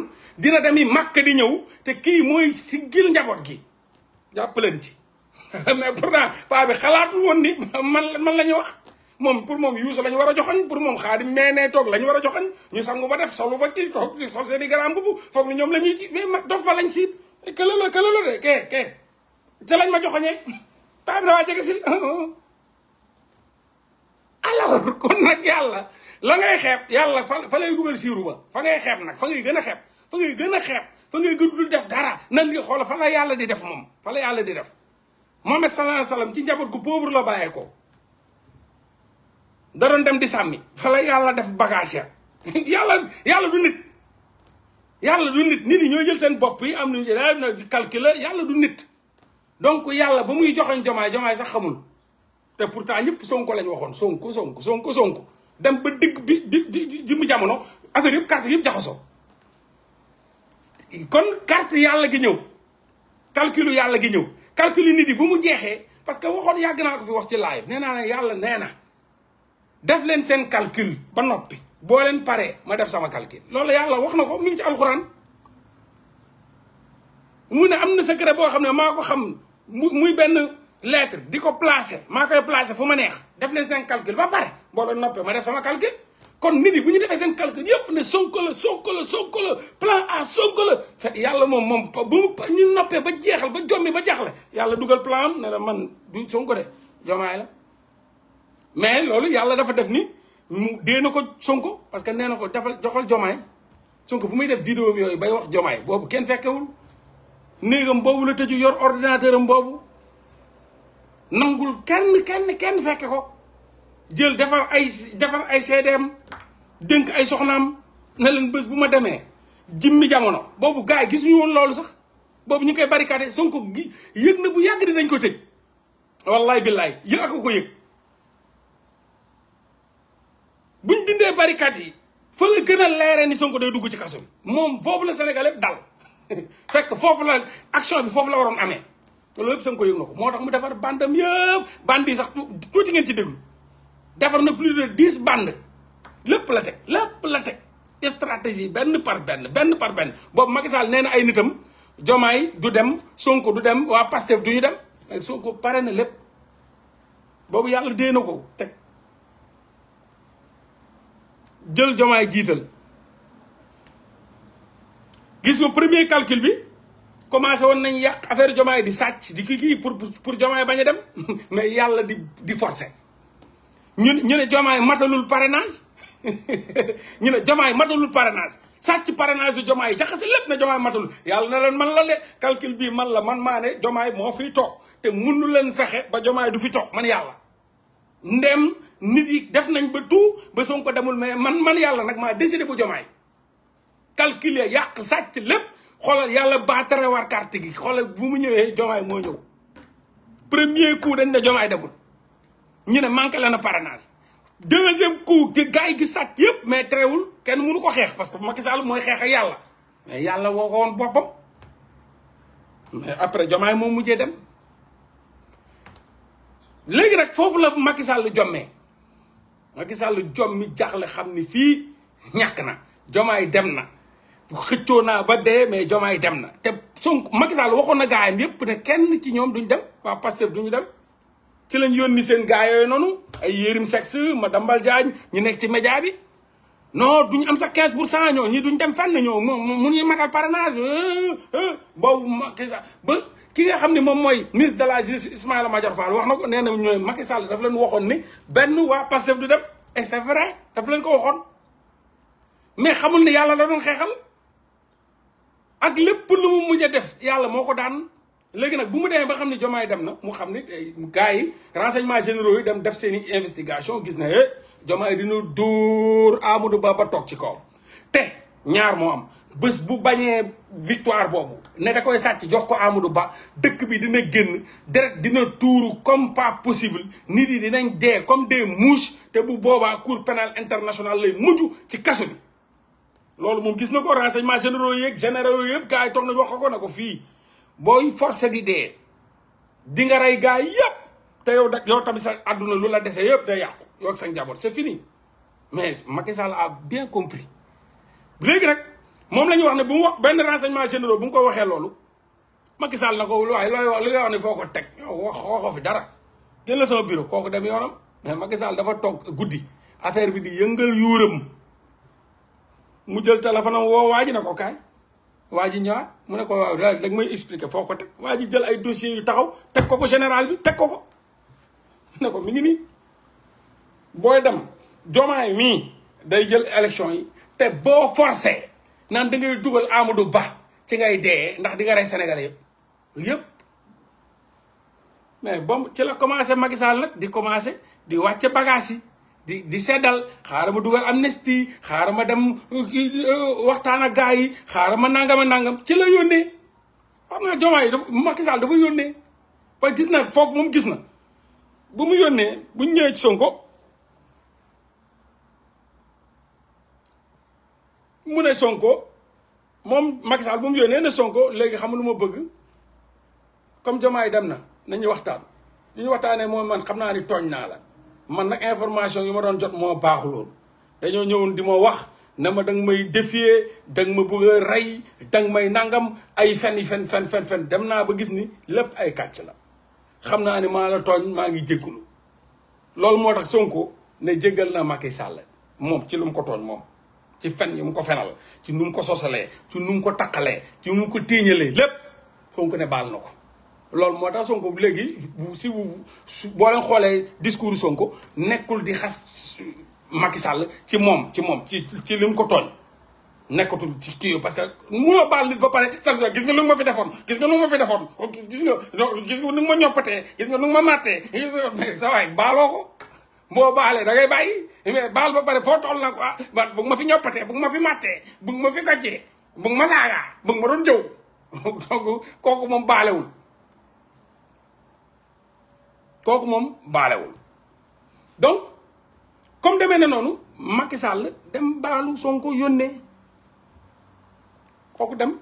dina dem demi màkk di ñëw te kii mooy siggil njaboot gi jàpp leen ci mais pourtant pa bi xalat won ni man man lañ wax mom pour mom yuusu lañ wara joxagn pour mom khadim meenee toog la ñu war a ñu sangu ba def solo ba tok toog sol seen gram bubu fokk ni ñom la ñuy mais dof ba lañ siit eh, këla la ke, la de ke ke te lañ ma joxoñee pa bi dama jege sil alors kon nak yalla la ngay xép yalla fa lay duggal siru ba fa ngay xép nak fa ngay gëna xép fa ngay gëna xép fa ngay gëdul def dara nan li xol fa la yalla di def mom fa la yalla di def mohammed sallallahu alaihi wasallam ci njabot gu pauvre la baye ko da doon dem di sammi fa la yalla def bagage ya yalla yalla du nit yalla du nit nit ni ñoy jël seen bop yi am ñu jël na calculer yalla du nit donc yalla ba muy joxoñ joma joma sax xamul te pourtant ñëpp sonko lañ ko sonko sonko sonko sonko dem ba dig bi di mu jamono affaire yep carte yep jaxoso kon carte yalla gi ñew calculu yalla gi ñew calcul nit yi bu mu jeexee parce que waxoon yàgg naa ko fi wax ci live nee naa ne yàlla nee na def leen seen calcul ba noppi boo leen paree ma def sama calcul loolu yàlla wax na ko mi ngi ci alxuraan mu ne am na secret boo xam ne maa ko xam muy benn lettre di ko placer maa koy placer fu ma neex def leen seen calcul ba pare boo leen noppee ma def sama calcul kon nit yi bu ñu defee seen calcul yëpp ne sonko la sonko la la plan A sonko la yàlla moom moom bu mu ñu noppee ba jeexal ba jommi ba jaxle yàlla dugal plan am ne man du sonko de jomaay la mais loolu yàlla dafa def ni mu dee na ko sonko parce que nee na ko defal joxal jomaay sonko bu muy def vidéo yooyu bay wax jomaay boobu kenn fekkewul néegam boobu la tëju yor ordinateur am boobu nangul kenn kenn kenn fekke ko jël defar ay defar ay seedeem dënk ay soxnaam na leen bés bu ma demee jimmi jamono boobu gars yi gis ñu woon loolu sax boobu ñu ngi koy barricade Sonko gi yëg na bu yàgg dinañ ko tëj wallaay billaay yëg ak ko yëg buñ dindee barricade yi fa la gën a Sonko day dugg ci kaso moom boobu la Sénégal yëpp dal foofu la action bi foofu la waroon amee loolu yëpp ko yëg na ko moo tax mu defar bandam yëpp band yi sax tuuti ngeen ci déglu defar na plus de dix bandes lépp la teg lépp la teg stratégie benn par benn benn par benn boobu Macky Sall nee na ay nitam Jomaay du dem Sonko du dem waa Pastef du ñu dem mais Sonko pare na lépp boobu yàlla dee na ko teg jël Jomaay jiital gis nga premier calcul bi commencé woon nañ yàq affaire Jomaay di sàcc di kii kii pour pour Jomaay bañ a dem mais yàlla di di forcer. ñu ñu ne jomaay matalul parrainage ñu ne jomaay matalul parrainage sacc parrainage yu jomaay jaxase ne jomaay matalul yalla na leen man la le calcul bi man la man mané jomaay moo fiy toog te mënu leen fexe ba jomaay du fi tok man yalla ndem nit yi def nañ ba tout ba sonko demul mais man man yalla nak ma décider bu jomaay calculer ya sacc lepp xolal yalla ba baatare war carte gi xolal bu mu ñëwé jomaay mo ñëw premier coup dañ na jomaay demul ñu ne manqué la na parrainage deuxième coup gars yi gi sàcc yëpp mais teewul kenn mënu ko xeex parce que Macky mooy xeex yàlla mais yàlla woo ko woon boppam mais après jomaay moom mujjee dem léegi nag foofu la Macky Sall jommee Macky Sall jommi jaaxle xam ni fii ñàkk na jomaay dem na xëccoo naa ba dee mais jomaay dem na te Sonko Macky Sall waxoon na gaayam yëpp ne kenn ci ñoom duñ dem waa Pastef duñu dem ci lañ yónni seen gaa yooyu noonu ay Yérim Seck ma dambal Diagne ñu nekk ci média bi non duñ am sax 15 pour cent ñoo ñi duñ dem fenn ñoo mu ñuy magal parrainage euh, euh, euh, boobu Macky Sall ba ki nga xam ne moom mooy ministre de la justice Ismaïla Madior Fall wax na ko nee na ñooy Macky Sall daf leen waxoon ni benn waa Pastef du dem et c'est vrai daf leen ko waxoon mais xamul ne yàlla la doon xeexal ak lépp lu mu mujj a def yàlla moo ko daan léegi nag bu mu demee ba xam ni Jomaay dem na mu xam ni eh, gars yi renseignement généraux yi dem def seeni i investigation gis na eh yi dina dóor Amadou Ba ba toog ci kaw te ñaar moo am bés bu bañee victoire boobu ne da koy sàcc jox ko Amadou Ba dëkk bi dina génn deret dina tuuru comme pas possible nit yi dinañ dee comme des mouches te bu boobaa cour penal international lay mujj ci kaso bi. loolu moom gis na ko renseignement généraux yeeg généraux yëpp gars yi toog nañ wax ko na ko fii. booy forcé di dee di nga rey gaa yëpp te yow da yow tamit sa àdduna lu la desee yëpp da yàqu yow ak sa njaboot c'est fini mais Macky Sall a bien compris léegi nag moom la wax ne bu mu wax benn renseignement généraux bu mu ko waxee loolu Macky Sall na ko waaye looy wax li nga wax ne foo ko teg wax fi dara gën la sama kooku dem yoonam mais Macky Sall dafa toog guddi affaire bi di yëngal yuuram mu jël téléphone woo waa ji na ko kaay waji ji mu ne ko waaw daal dag may expliquer foko tek waji jël ay dossier yu taxaw tek ko ko général bi tek ko ko ne ko mi ngi ni boy dem jomay mi day jël élection yi té bo forcé nan da ngay duggal Amadou Ba ci ngay dé ndax di nga ray Sénégalais yépp yépp mais bom ci la commencé Macky Sall nag di commencé di wacce bagage yi di di seddal xaaral ma dugal amnistie xaaral ma dem uh, uh, waxtaan ak gars yi xaaral ma nangam a nangam ci la yónnee xam naa Diomaye dafa Macky Sall dafa yónnee waaye gis na foofu moom gis na bu mu yónnee bu ñu ñëwee ci Sonko mu ne Sonko moom Macky Sall bu mu yónnee ne Sonko léegi xam lu ma bëgg comme Diomaye dem na nañuy waxtaan li ñu waxtaanee moom man xam naa ni tooñ naa la. man nag information yu ma doon jot moo baaxuloon dañoo ñëwoon di ma wax na ma danga may défier danga ma bëgg a rey danga may nangam ay fen yi fen fen fen dem naa ba gis ni lépp ay kàcc la xam naa ne maa la tooñ maa ngi jéggulu loolu moo tax Sonko ne jéggal na Macky Sall moom ci lu mu ko tooñ moom ci fen yu mu ko fenal ci nu mu ko sosalee ci nu mu ko takkalee ci nu mu ko téeñalee lépp ko ne baal na ko lol moo Sonko si vous bo len xoolee discours Sonko nekul di xas Macky Sall ci mom ci mom ci ci li ko tooñ nekkatul ci parce que moi, baal nit ba pare sax gis nga lu ma fi defoon gis nga lu ma fi defoon gis nga gis nga ma gis nga ma sa way baloko bo balé da ngay mais bal ba pare fo tol na ko ah, bu ma fi ñopaté bu ma fi maté bu ma fi bu ma saga bu ma jëw donc mom balé kooku moom baalewul donc comme deme na noonu Macky Sall dem baalu ko yónnee kooku dem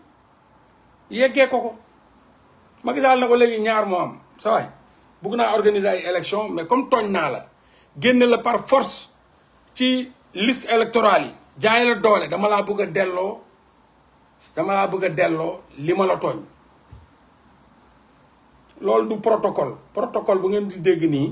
yeggee ko ko Macky Sall na ko léegi ñaar moo am sa waay bugg naa organiser ay élection mais comme tooñ naa la génn la par force ci list électoral yi jaay la doole dama laa bëgg a delloo dama laa bëgg a delloo li ma la tooñ loolu du protocole protocole bu ngeen di dégg nii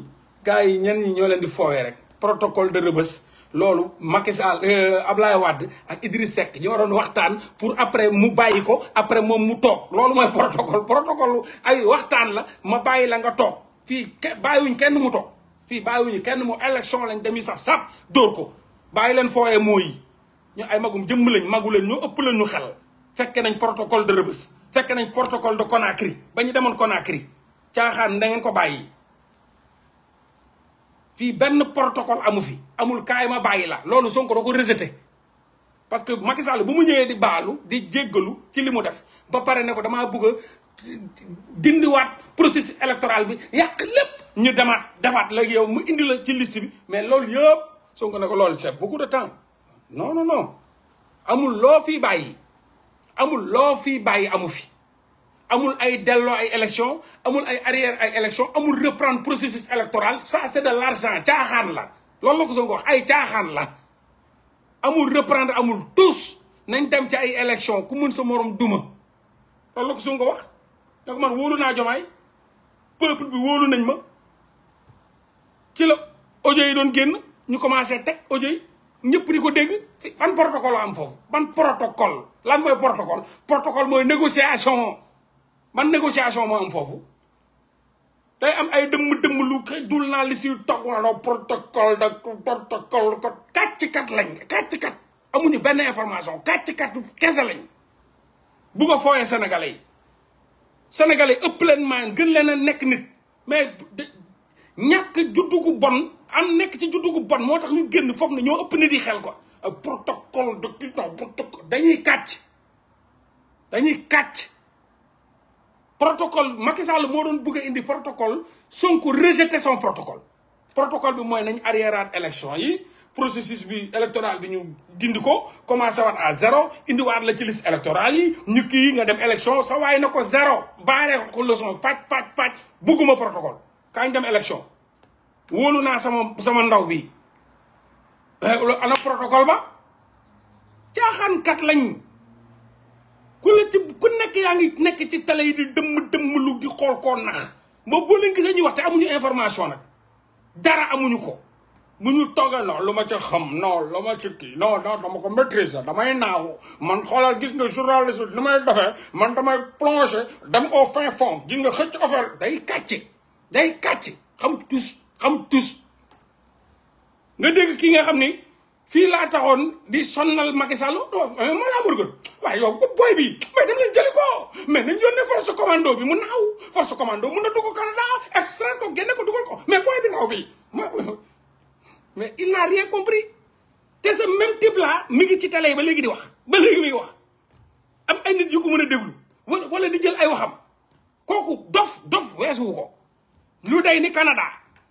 gars yi ñenn ñi ñoo leen di foowee rek protocole de Rebeuss loolu Macky Sall euh, Ablaye wàdd ak Idriss Seck ñoo doon waxtaan pour après mu bàyyi ko après moom mu toog loolu mooy protocole protocole ay waxtaan la ma bàyyi la nga toog fii bàyyiwuñ kenn mu toog fii bàyyiwuñu kenn mu élection lañ demi saf saf dóor ko bàyyi leen fooyee mooy ñu ay magum jëmm lañ magu leen ñoo ëpp leen ñu xel fekke nañ protocole de Rebeuss fekke nañ protocole de Conakry ba ñu demoon Conakry caaxaan da ko bàyyi fii benn protocole amu fi amul kaay ma bàyyi la loolu Sonko da ko rejeté parce que Macky Sall bu mu ñëwee di baalu di jéggalu ci li mu def ba pare ne ko damaa bëgg dindiwaat processus électoral bi yàq lépp ñu demaat defaat léegi yow mu indi la ci liste bi mais loolu yëpp sonk ne ko loolu c'est beaucoup de temps non non amul loo fii bàyyi amul loo fii bàyyi amu fi amul ay dello ay élection amul ay arrière ay élection amul reprendre processus électoral ça c'est de l'argent tiaxan la loolu la ko Sonko wax ay tiaxan la amul reprendre amul tous nañ dem ci ay élection ku mën sa morom duma loolu la ko Sonko wax nak man woluna jomay peuple bi wóolu nañ ma ci la audio yi doon ñu commencé tek audio yi ñëpp di ko ban protocole am fofu ban protocole lan moy protocole protocole moy négociation man négociation moo am foofu day am ay dëmm dëmm lu dul naa li si toog na protocole da protocole ko kat lañ kàcc kat amuñu benn information kàcc kat kese lañ bugg a fooyee sénégalais yi sénégalais ëpp leen maan gën leen a nekk nit mais ñàkk juddu gu bon am nekk ci juddu gu bon moo tax ñu génn foog ne ñoo ëpp nit yi xel ko protocole de protocole dañuy kàcc dañuy kàcc protocole Macky Sall mo doon bëgg indi protocole Sonko rejeté son protocole protocole bi moy nañ arrière élection yi processus bi électoral bi ñu dindi ko commencé wat à zéro wat la ci liste électorale yi ñu ki nga dem élection sa way na ko zéro baaree ko leçon fat faaj faaj bugguma protocole kaañ dem élection wolu na sama sama ndaw bi eh, ana protocole ba caaxaan kat lañ ku la ci ku nekk yaa ngi nekk ci tale yi di dëmm dëmm lu di xool koo nax boobu boo leen gisee ñuy wax te amuñu information nag dara amuñu ko mu ñu toogee non lu ma ci xam non lu ma ci kii non non dama ko maîtriser damay naaw man xoolal gis nga journaliste bi ni may defee man damay plonger dam au fin fond gis nga xëcc affaire day kàcce day kàcce xam tus xam tus nga dégg kii nga xam ni fii laa taxoon di sonnal Macky Sall moo laa mërgën waaye yow booy bi mais dem leen jëli ko mais nañ yónnee force commando bi mu naaw force commando mun na dugg Canada extraire ko génne ko dugal ko mais booy bi naaw bi mais il n'a rien compris te ce même type mi ngi ci télé ba léegi di wax ba léegi muy wax am ay nit yu ko mën a déglu wala wala di jël ay waxam kooku dof dof weesuwu ko lu day ni Canada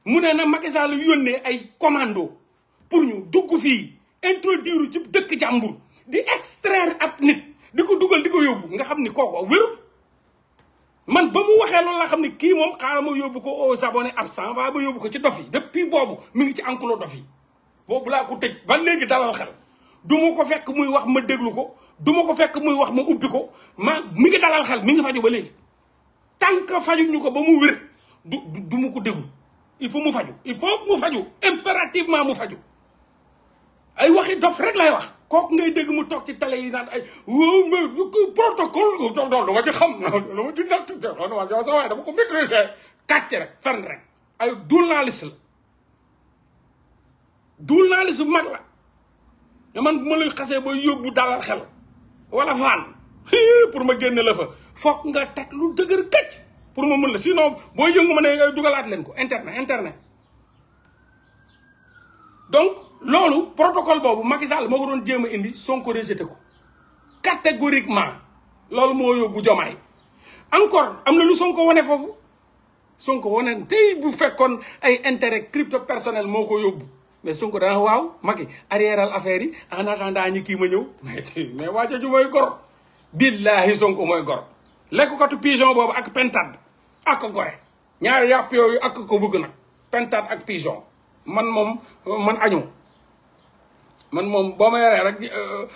mu ne na Macky Sall yónnee ay commando pour ñu dugg fi introduire ci dëkk jambour di extraire ab nit diko duggal diko yobbu nga xamni koko kooku man ba mu waxee loolu la xamni ki mom moom xaaral ma ko aux abonnés absents ba ba yobbu ko ci dofi depuis bobu mi ngi ci enclo dofi bobu la ko tej ba légui dalal xel du ma ko fekk muy wax ma dégglu ko du ma ko fekk muy wax ma ubbi ko ma mi ngi dalal xel mi ngi faju ba légui tant que fajuñu ko ba mu wér du du ko dégglu il faut mu faju il faut mu faju impérativement mu faju ay wax waxi dof rek lay wax kooku ngay dégg mu toog ci télé yi naan ay protocole doon dama ci xam dama ci natt dama sa da dama ko maîtriser kàcce rek fenn rek ay journaliste la journaliste mag la nga man bu ma la xasee ba yóbbu dalal xel wala faan pour ma génne la fa foog nga teg lu dëgër kacc pour ma mën la sinon booy yëngu ma ne dugalaat leen ko internet internet donc loolu protocole boobu Macky Sall moo ko doon jéem a indi Sonko rejeté ko catégoriquement loolu moo yóbbu jomaay encore am na lu Sonko wane foofu Sonko wane tey bu fekkoon ay intérêt crypto personnel moo ko yóbbu mais Sonko dana waaw Macky arrièral affaire yi en attendant ñi kii ma ñëw mais waa jooju mooy gor billaahi Sonko mooy gor lekkukatu pigeon boobu ak pentade ak gore ñaari yàpp yooyu ak ko bëgg nag pentade ak pigeon man moom man añu man mom boo ma yoree rek euh,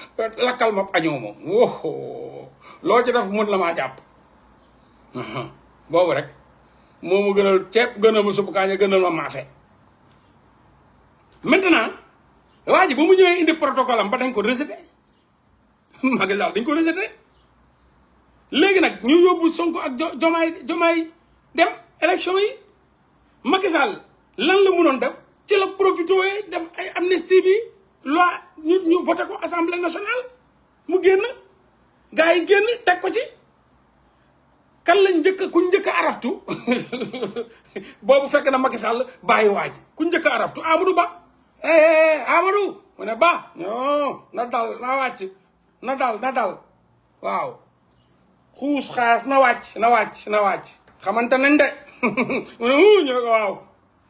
lakal ma añoo moom woo lo ci def mun la ma japp bobu rek momu gënal ceeb gënal ma suppu kaaña gënal ma maafe maintenant waji bu mu ñëwé indi protocole am ba dañ ko rejeté magal Sall dañ ko rejeté légui nak ñu yobbu Sonko ak jomay jomay dem élection yi Macky Sall lan la munoon def ci la profité def ay amnesty bi loi ñu ñu voté ko assemblée nationale mu génn gars yi génn teg ci kan lañ njëkk ku njëkk a araftu boobu fekk na Macky Sall bàyyi ku njëkk araftu Amadou Ba eh, eh, eh Amadou mu ne Ba non na dal na wàcc na dal na dal waaw xuus xaas na wàcc na wàcc na wàcc xamante nañ de mu waaw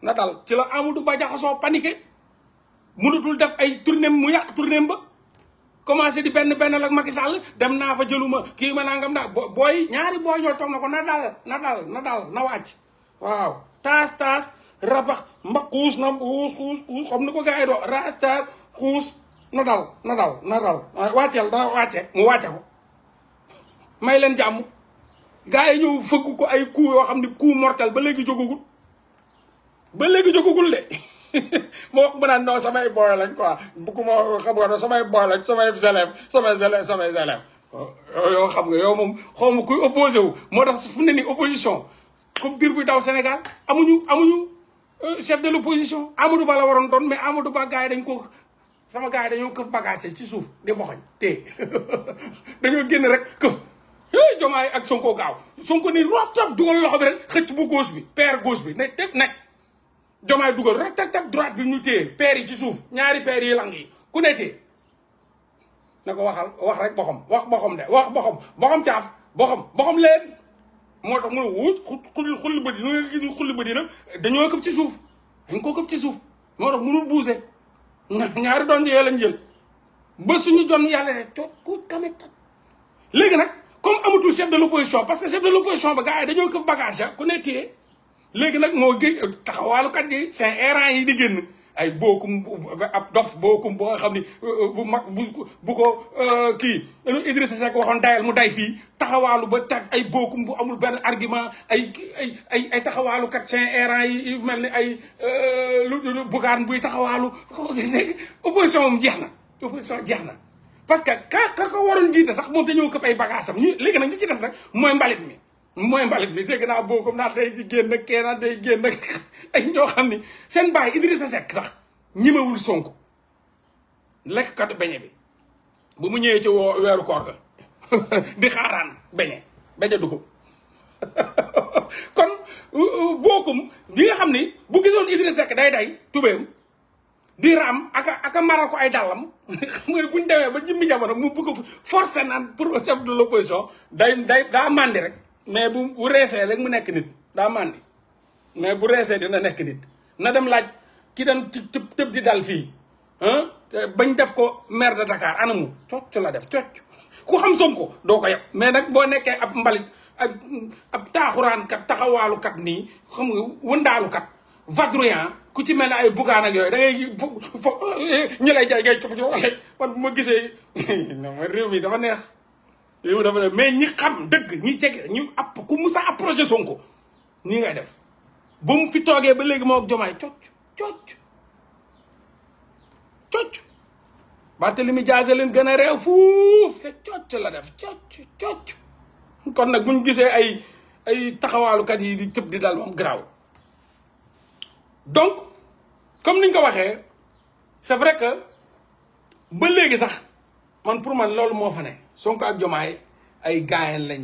na dal ci la Amadou Ba jaxasoo paniqué. munutul def ay tournée mu yak tournée ba commencé di ben ben ak Macky Sall dem na fa jëluma ki ma nangam naa boy ñaari boy ñoo tok tas na dal na dal na dal na wacc waaw tas tas rabax mba nam na xuus xuus xam nako gaay do na dal na dal na dal waccel da wàcce mu wàcce ko may leen jamm gaay ñu ñëw ko ay coup yo xamni coup mortel ba léegi jogugul ba jogugul de moo wax mu naan non samay booy lañ quoi bugguma xam nga samay booy lañ samay élèves samay élèves samay élèves yoo xam nga yow moom xaw ma kuy opposé wu moo tax fu ne ni opposition ko biir bu daw Sénégal amuñu amuñu euh, chef de l' opposition Amadou Ba la mais Amadou Ba dañ ko sama gars dañoo këf bagage ci suuf di boxoñ te dañoo génn rek këf é jomaay ak Sonko gaaw Sonko ni roof taf dugal loxo bi rek xëcc bu gauche bi paire gauche bi ne teg nag jomaay dugal rek tak tak droite bi ñu téye peer yi ci suuf ñaari peer yi ku ne téye na ko waxal wax rek boxam wax boxom de wax boxam boxam caaf boxam boxam leen moo tax mu ne wuut xul xulli bëdi nu nga gis xulli dañoo këf ci suuf dañ ko këf ci suuf moo tax mënul buuse ñaari doon yooyu lañ jël ba suñu jon yàlla ne coo kuuj kamet ta léegi nag comme amatul chef de l'opposition parce que chef de l'opposition ba gars dañoo këf bagage ah, ku ne téye léegi nag moo gëj taxawaalukat yi seen errant yi di génn ay bookum ab dof bookum bu nga xam ni euh, bu mag bu bu ko euh, kii Idrissa Seck waxoon dayal mu day fii taxawaalu ba tag ay bookum bu amul benn argument ay ay ay ay taxawaalukat seen errant yi mel ni ay euh, lu bugaan buy taxawaalu opposition moom jeex na opposition jeex na parce que ka ka ko waroon jiite sax moom ñëw ko fay bagaasam ñi léegi nag ñi ci des nag mooy mbalit mi mooy mbalit bi dégg naa boo ko naan day fi génn ak kee naan day génn ak ay ñoo xam ni seen baay Idrissa Seck sax ñimewul Sonko lekk katu beñe bi bu mu ñëwee ci weeru koor ga di xaaraan beñe beñe du ko kon bokkum bi nga xam ni bu gisoon Idrissa Seck day day tubéem di raam aka maral ko ay dàllam xam nga ne bu ñu demee ba jimmi jamono mu bëgg forcé naan pour chef de l'opposition day day daa màndi rek mais bu bu reesee rek mu nekk nit daa màndi mais bu reesee dina nekk nit na dem laaj ki dañ tëb tëb di dal fii bañ def ko maire de ana anamu cocc la def cocc ku xam Sonko doo ko yab mais nag boo nekkee ab mbalit ab ab taaxuraankat taxawaalukat nii xam nga wëndaalukat vadrouillant ku ci mel ne ay bugaan ak yooyu da ngay fo ñu lay jaay ngay cop man bu ma gisee réew mi dafa neex yow dafa ne mais ñi xam dëgg ñi jege ñu app ku musa approché Sonko nii ngay def ba mu fi toogee ba léegi moo ak jomaay cocc cocc cocc Barthélemy Dias leen gën a réew fuuf te cocc la def cocc cocc kon nag buñ gisee ay ay taxawaalukat yi di tëb di dal moom garaaw donc comme niñ ko waxee c'est vrai que ba léegi sax man pour man loolu moo fa ne Sonko ak Jomaay ay gaayen lañ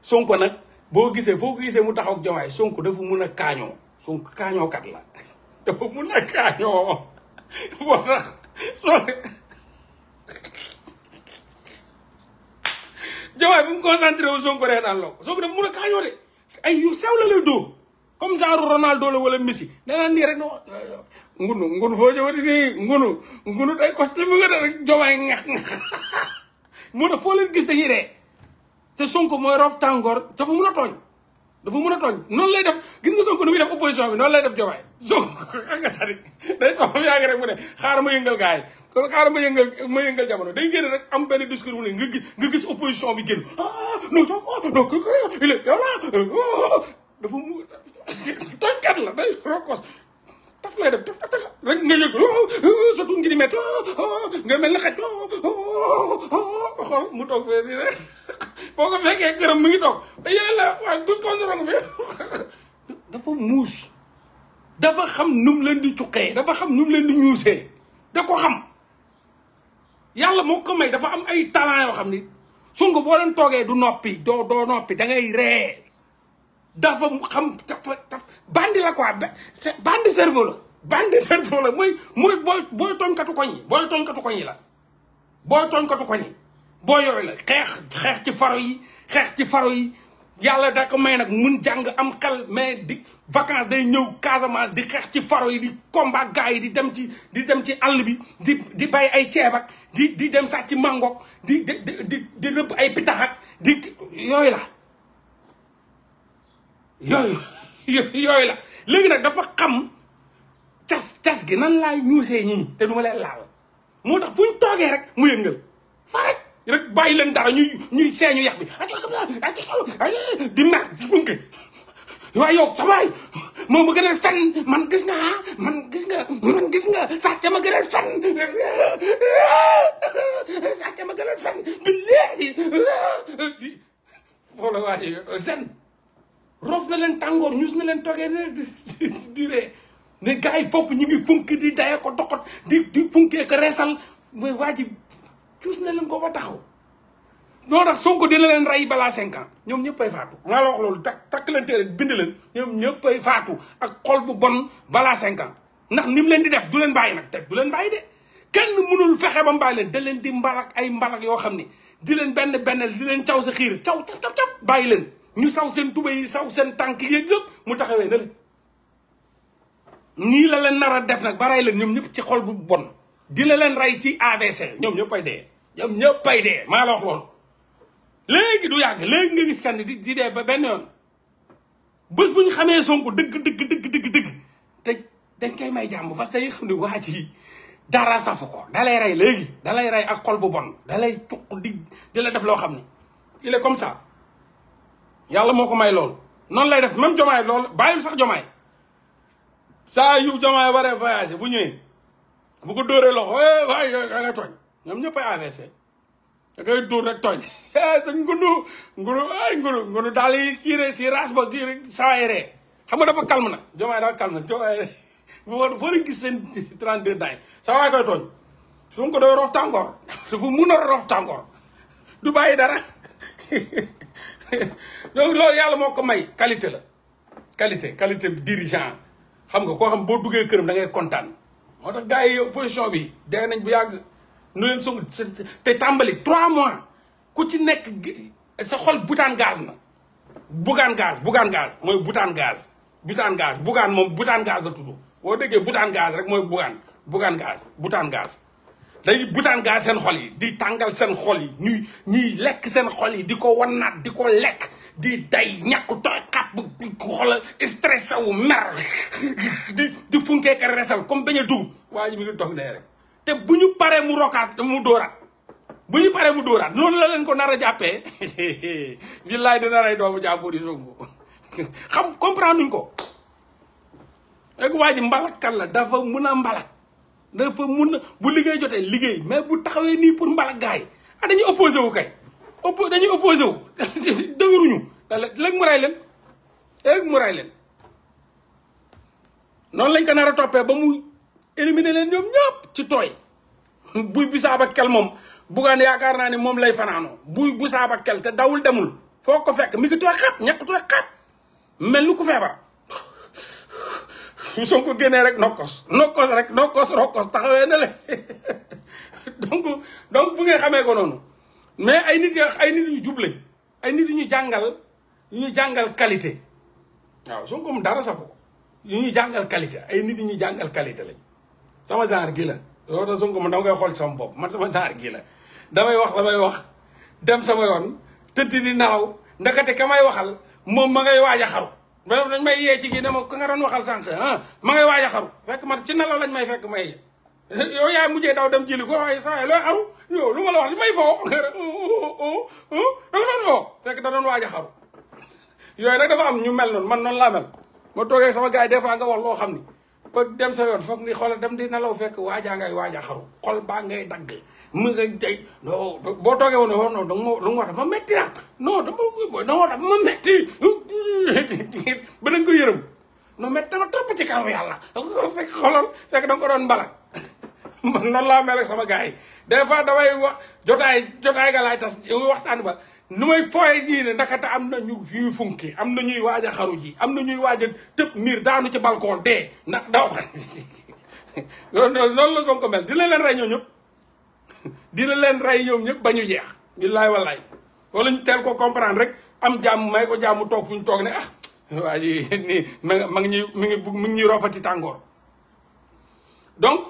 Sonko nag boo gisee foo ko gisee mu taxaw ak Jomaay Sonko dafa mun a kaañoo Sonko la dafa mun a kaañoo moo tax Jomaay bu mu concentré wu Sonko reetaan loo Sonko dafa mun a kaañoo de ay yu sew la lay dóor comme genre Ronaldo la wala Messi danaa nii rek ngunu ngunu foo costume nga de rek Jomaay ngax ngax moo tax foo leen gis dañuy ree te Sonko mooy rof tàngoor dafa mun a tooñ dafa mun a tooñ noonu lay def gis nga Sonko nu muy def opposition bi noonu lay def jomaay Sonko ak nga sari day toog yaa ngi rek mu ma yëngal gars kon xaaral ma yëngal ma day génn rek am benn discours mu ne nga gis nga gis opposition bi génn ah non Sonko non il est yow la euh, oh, oh, oh. dafa mu tooñkat la day rokos taf lay def taf taf taf rek nga yëg oh, oh, sa tuut ngi di métti oh, nga mel ni xaj mu toog fee rek boo ko fekkee gërëm mu ngi toog yéen la waaye bus konsorong bi dafa muus dafa xam nu leen di cuqee dafa xam nu leen di ñuusee da ko xam yàlla moo ko may dafa am ay talent yoo xam ni sungu boo leen toogee du noppi doo doo noppi da ngay ree dafa xam dafa dafa bandi la quoi bandi cerveau la bandi cerveau la mooy mooy booy booy tooñkatu koñ yi booy tooñkatu koñ yi la booy tooñkatu koñ yi boo yooyu la xeex xeex ci faro yi xeex ci faro yi yàlla da ko may nag mun jàng am xel mais di vacances day ñëw Casamance di xeex ci faro yi di combat gars yi di dem ci di dem ci àll bi di di bay ay ceeb ak di dem sax ci mango di di di di rëbb ay pitax ak di yooyu la yooyu yooyu la léegi nag dafa xam cas cas gi nan laay ñuusee ñii te du ma leen laal moo tax fu ñu toogee rek mu yëngal fa rek rek bàyyi leen dara ñuy ñuy seeñu yax bi di mer di funke waaye yow sawaay moom ma gën a fen man gis nga ah, man gis nga man gis nga sàcc ma gën a fen sàcc ma gën a fen bi léegi wala waaye zen rof na leen tàngoor ñuus na leen toogee ne di ree ne gars yi fopp ñi ngi funki di daya ko doxat di di funkee ko reesal mooy waa ji cuus na leen ko ba taxaw ñoo tax Sonko leen rey balaa cinq ans ñoom ñëppay faatu maa la wax loolu tak takk leen te bind leen ñoom ñëppay faatu ak xol bu bon balaa cinq ndax ni mu leen di def du leen bàyyi nag te du leen bàyyi de kenn mënul fexe ba mbàyyi da leen di mbalak ay mbalak yoo xam ni di leen benn benn di leen caw sa xiir caw caw caw bàyyi leen ñu saw seen tuba yi saw seen tànk yéeg yëpp mu taxawee na leen nii la leen nar a def nag ba rey leen ñoom ñëpp ci xol bu bon di la leen rey ci AVC ñoom ñëpp ay dee ñoom ñëpp ay dee maa la wax loolu léegi du yàgg léegi nga gis kan di di dee ba benn yoon bés bu ñu xamee Sonko dëgg dëgg dëgg dëgg te dañ koy may jàmm parce que dañuy xam ne waa ji dara safu ko dalay rey léegi dalay rey ak xol bu bon dalay tuq di di la def loo xam ne il comme sa yàlla moo ko may loolu noonu lay def même jomaay loolu bàyyil sax jomaay saa yu jomaay waree voyagé bu ñëwee bu ko dóoree loxo eh, waay da ngay tooñ ñoom ñëpp eh, sa ngunu ngunu daal kiire si ba kii rek ree xam nga dafa calme nag jomaay dafa calme jomaay foo gis seen 32 daay sa waay koy tooñ su ko doy roof tàngoor dafa mun a roof tàngoor du bàyyi dara donc loolu yàlla moo ko may qualité la qualité qualité dirigeant xam nga koo xam boo duggee kër da ngay kontaan moo tax gars yi bi dee nañ bu yàgg nu leen song te tàmbali trois mois ku ci nekk sa xol butaan gaz na bugaan gaz bugaan gaz mooy butaan gaz butaan gaz bugaan moom butaan gaz la tudd boo déggee butaan gaz rek mooy bugaan bugaan gaz butaan gaz day butaan gaa seen xol yi di tàngal seen xol yi ñuy ñuy lekk seen xol yi di ko wannaat di ko lekk di day ñàkk tooy xàpp xoolal stressé wu mer di di funkee comme bañ dugub waa ji mi ngi toog dee te bu ñu paree mu rokaat mu dóoraat bu ñu paree mu dóoraat noonu la leen ko nar a jàppee di laay di naray doomu jàmbur xam comprendre nuñ ko rek waa ji mbalakkat la dafa mun a mbalak dafa mun na bu liggéey jotee liggéey mais bu taxawee nii pour mbala gars yi ah dañuy opposé wu kay oppo dañuy opposé wu dëgëruñu léegi mu ray leen léegi mu ray leen noonu lañ ko nar a toppee ba mu éliminer leen ñoom ñëpp ci tooy buy bisaab saaba kel moom buggaan yaakaar naa ne moom lay fanaanoo buy bu saaba kel te dawul demul foo ko fekk mi ngi tooy xat ñàkk tooy xat mel ni ku feebar bu Sonko génnee rek nokkos nokkos rek nokkos rokkos taxawee na la donc donc bu ngeen xamee ko noonu mais ay nit ay nit yu juble ay nit yu ñu jàngal yu ñu jàngal qualité waaw Sonko mu dara safu ko yu ñu jàngal qualité ay nit yu ñu jàngal qualité lañ sama genre gii la loolu da Sonko man dama koy xool sama bopp man sama genre gi la damay wax damay wax dem sama yoon tëdd di naaw ndakate ka may waxal moom ma ngay waaj a xaru ba nañ may yee ci kii ne ma ka nga doon waxal sànq ah ma ngay waaj a xaru fekk man ci nelaw lañ may fekk may yow yaa mujjee daw dem jëli ko waaye saa looy xaru yow lu ma la wax li may foo dafa doon foo fekk da doon waaj a xaru yooyu nag dafa am ñu mel noonu man noonu laa mel ma toogee sama gars yi des fois nga wax loo xam ni ba dem sa yoon foog ni xoolal dem di nelaw fekk waajaa ngay waaja xaru xol baa ngay dagg mu nga tey non boo toogee woon non non danga ma danga ma dafa metti nag non dama dama dafa metti ba da nga ko yërëm non mais dama ci kanam yàlla fekk xolal fekk da doon mbalak man noonu laa mel sama gars yi des damay wax jotaay jotaay ga laay tas waxtaan ba nu may fooye diine ndakate am na ñu yuy funki am na ñuy waaj a xaru ji am na ñuy waaja a tëb miir daanu ci balcon dee ndax daw loolu la Sonko mel dina leen rey ñoom ñëpp dina leen rey ñoom ñëpp ba ñu jeex billaay wallaay wala ñu teel ko comprendre rek am jàmm may ko jàmm toog fu ñu toog ne ah waa ji nii ma ngi ñuy mi ngi mi ngi tàngoor donc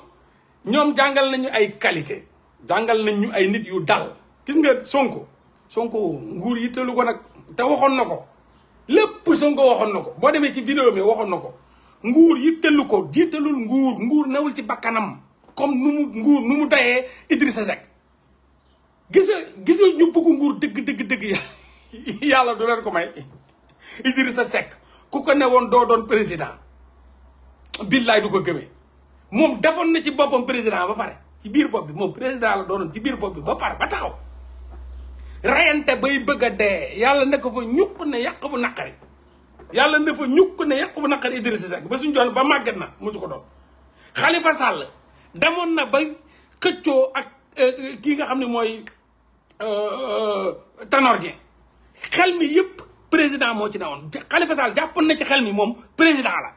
ñoom jàngal nañu ay qualité jàngal nañ ñu ay nit yu dal gis nga Sonko Sonko nguur yittalu ko nag te waxoon na ko lépp Sonko waxoon na ko boo demee ci vidéo mi waxoon na ko nguur yittalu ko jiitalul nguur nguur newul ci bakkanam comme nu mu nguur nu mu dayee sa Seck gisa gisa ñu bëgg nguur dëgg dëgg dëgg yàlla du leen ko may sa Seck ku ko newoon doo doon président billaay du ko gëmee moom defoon na ci boppam président ba pare ci biir bopp bi moom président la doonoon ci biir bopp bi ba pare ba taxaw reyante bay bëgg de yàlla nekk ko fa ñukk ne yàq bu naqari yàlla ne fa ñukk ne yàq bu naqari Idrissa Seck ba suñ doon ba màgget na musu ko doon Khalifa Sall demoon na ba xëccoo ak euh, euh, kii nga xam ne mooy euh, Tanor Dieng xel mi yëpp président moo ci newoon Khalifa Sall jàppoon na ci xel mi moom président la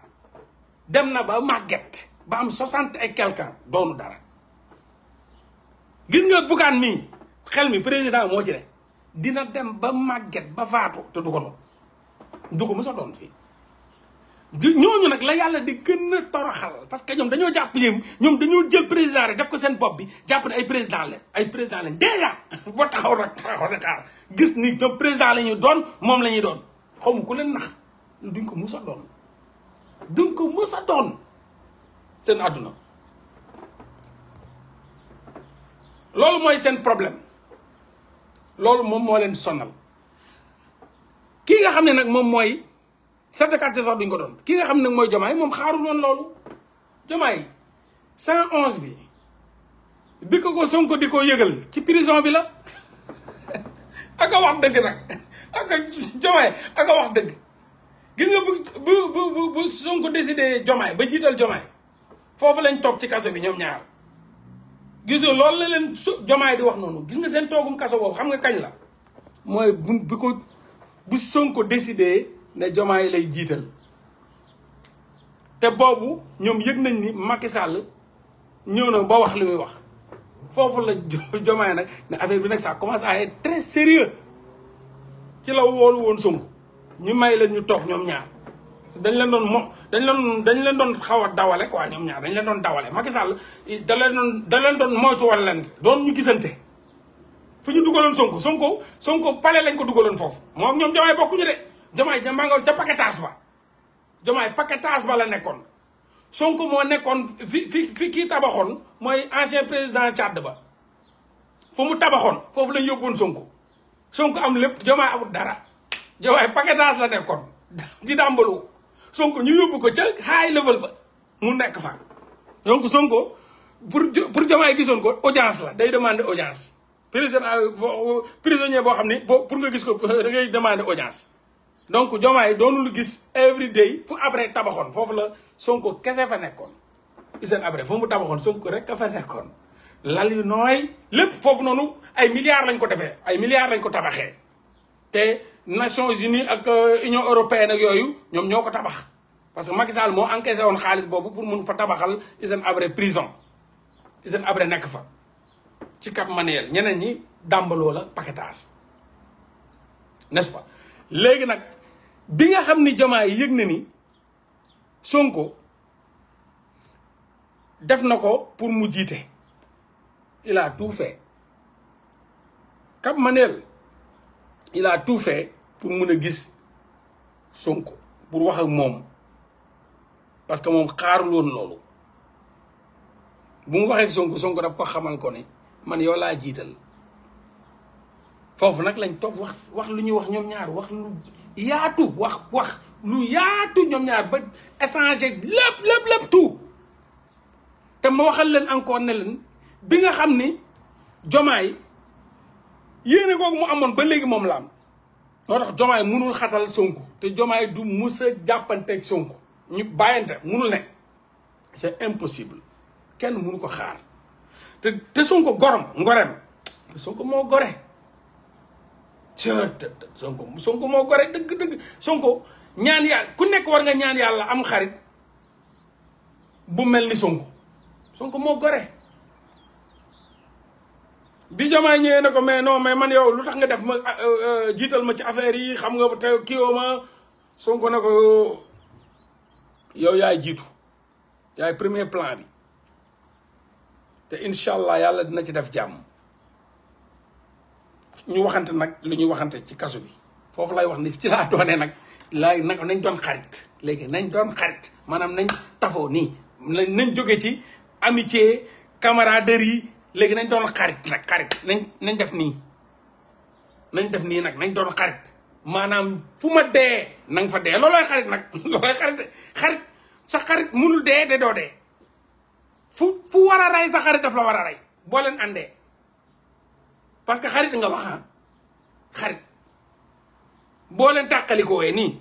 dem na ba màgget ba am soixante et quelque doonu dara gis nga bukaan mii xel mi président moo ci ne dina dem ba màgget ba faatu te du ko doon du ko mës a doon fii ñooñu nag la yàlla di gën a toroxal parce que ñoom dañoo jàpp ñoom ñoom dañoo jël président rek def ko seen bopp bi jàpp ne ay président la ay président lañ déjà boo taxaw rek taxaw rek gis ni ñoom président la ñuy doon moom la ñuy doon xaw ma ku leen nax duñ ko mës a doon duñ ko mës a doon seen àdduna loolu mooy seen problème loolu moom moo leen sonal kii nga xam ne nag moom mooy chef de quartier sax duñ ko doon kii nga xam ne nag mooy jomaay moom xaarul woon loolu jomaay 111 bi bi ko ko Sonko di ko yëgal ci prison bi la aka wax dëgg nag aka jomaay aka wax dëgg gis nga bu bu bu bu Sonko décidé jomaay ba jiital jomaay foofu lañ toog ci kaso bi ñoom ñaar gis nga loolu la leen su jomaay di wax noonu gis nga seen toogum kaso boobu xam nga kañ la mooy bu bi ko bu Sonko décidé ne jomaay lay jiital te boobu ñoom yëg nañ ni Macky sàll ñëw na ba wax li muy wax foofu la jomaay nag ne affaire bi nag ça commence à être très sérieux ci la woolu woon Sonko ñu may leen ñu toog ñoom ñaar dañ leen doon moom dañ leen dañ leen doon xaw a dawale quoi ñoom ñaar dañ leen doon dawale Macky Sall da leen doon da leen doon moytu wal doon ñu gisante fu ñu duggaloon Sonko Sonko Sonko pale lañ ko dugaloon foofu moom ñoom jamaay bokkuñu de jamaay jamaa nga ca paquetage ba jamaay paquetage ba la nekkoon Sonko moo nekkoon fi fi fi kii tabaxoon mooy ancien président Tchad ba fu mu tabaxoon foofu lañ yóbboon Sonko Sonko am lépp jamaay amul dara jamaay paquetage la nekkoon di dàmbaloo Sonko ñu yóbbu ko ca high level ba mu nekk fa donc Sonko pour pour Diomaye gisoon ko audience la day demander audience président euh, prisonnier boo xam ne boo pour nga gis ko euh, da ngay demander audience donc Diomaye doonul gis every day fu après tabaxoon foofu la Sonko kese fa nekkoon Hissène Habré fu mu tabaxoon Sonko rek ka fa nekkoon lal yu nooy lépp foofu noonu ay milliards lañ ko defee ay milliards lañ ko tabaxee les Nations Unies et euh, l'Union européenne ak sont tabac. parce que Macky Sall encaissé pour fa ils ont en prison Hissène abré fa ci Cap Manuel la paquetage n'est-ce pas Maintenant, si bi nga que Jomai est Sonko def pour mu il a tout fait Cap Manuel il a tout fait pour mun a gis Sonko pour wax moom parce que moom xaarul woon loolu bu mu waxee ak Sonko daf ko xamal ko ne man yow laa jiital foofu nag lañ toog wax wax lu ñuy wax ñoom ñaar wax lu yaatu wax wax lu yaatu ñoom ñaar ba échanger lépp lépp tout te ma waxal leen encore ne leen bi nga xam ni jomaay yéene googu mu amoon ba léegi moom la am moo tax jomaay munul xatal sonko te jomaay du mus a jàppanteeg sonko ñu bàyyante munul ne c'est impossible kenn munu ko xaar te te sonko gorom ngorem sonko moo gore sonko sonko moo gore dëgg dëgg sonko ñaan yàlla ku nekk war nga ñaan yàlla am xarit bu mel ni sonko sonko moo gore bi Diomaye ñëwee ne ko mais non mais man yow lu tax nga def ma ah, euh, euh, jiital ma ci affaire yi xam nga te kiiwoo ma Sonko ne ko yow yaay jiitu yaay premier plan bi te incha allah yàlla dina ci def jàmm ñu waxante nag lu ñuy waxante ci kaso bi foofu lay wax ni ci laa doonee nag laay nag nañ doon xarit léegi nañ doon xarit maanaam nañ tafoo nii nañ jóge ci amitié camaraderie léegi nañ doon xarit nag xarit nañ nañ def nii nañ def nii nag nañ doon xarit maanaam fu ma dee na fa dee loolooy xarit nag loolooy xarit xarit sa xarit munul dee de doo de fu fu war a rey sa xarit war a rey boo leen àndee parce que xarit nga wax ah. xarit boo leen tàqalikoo wee nii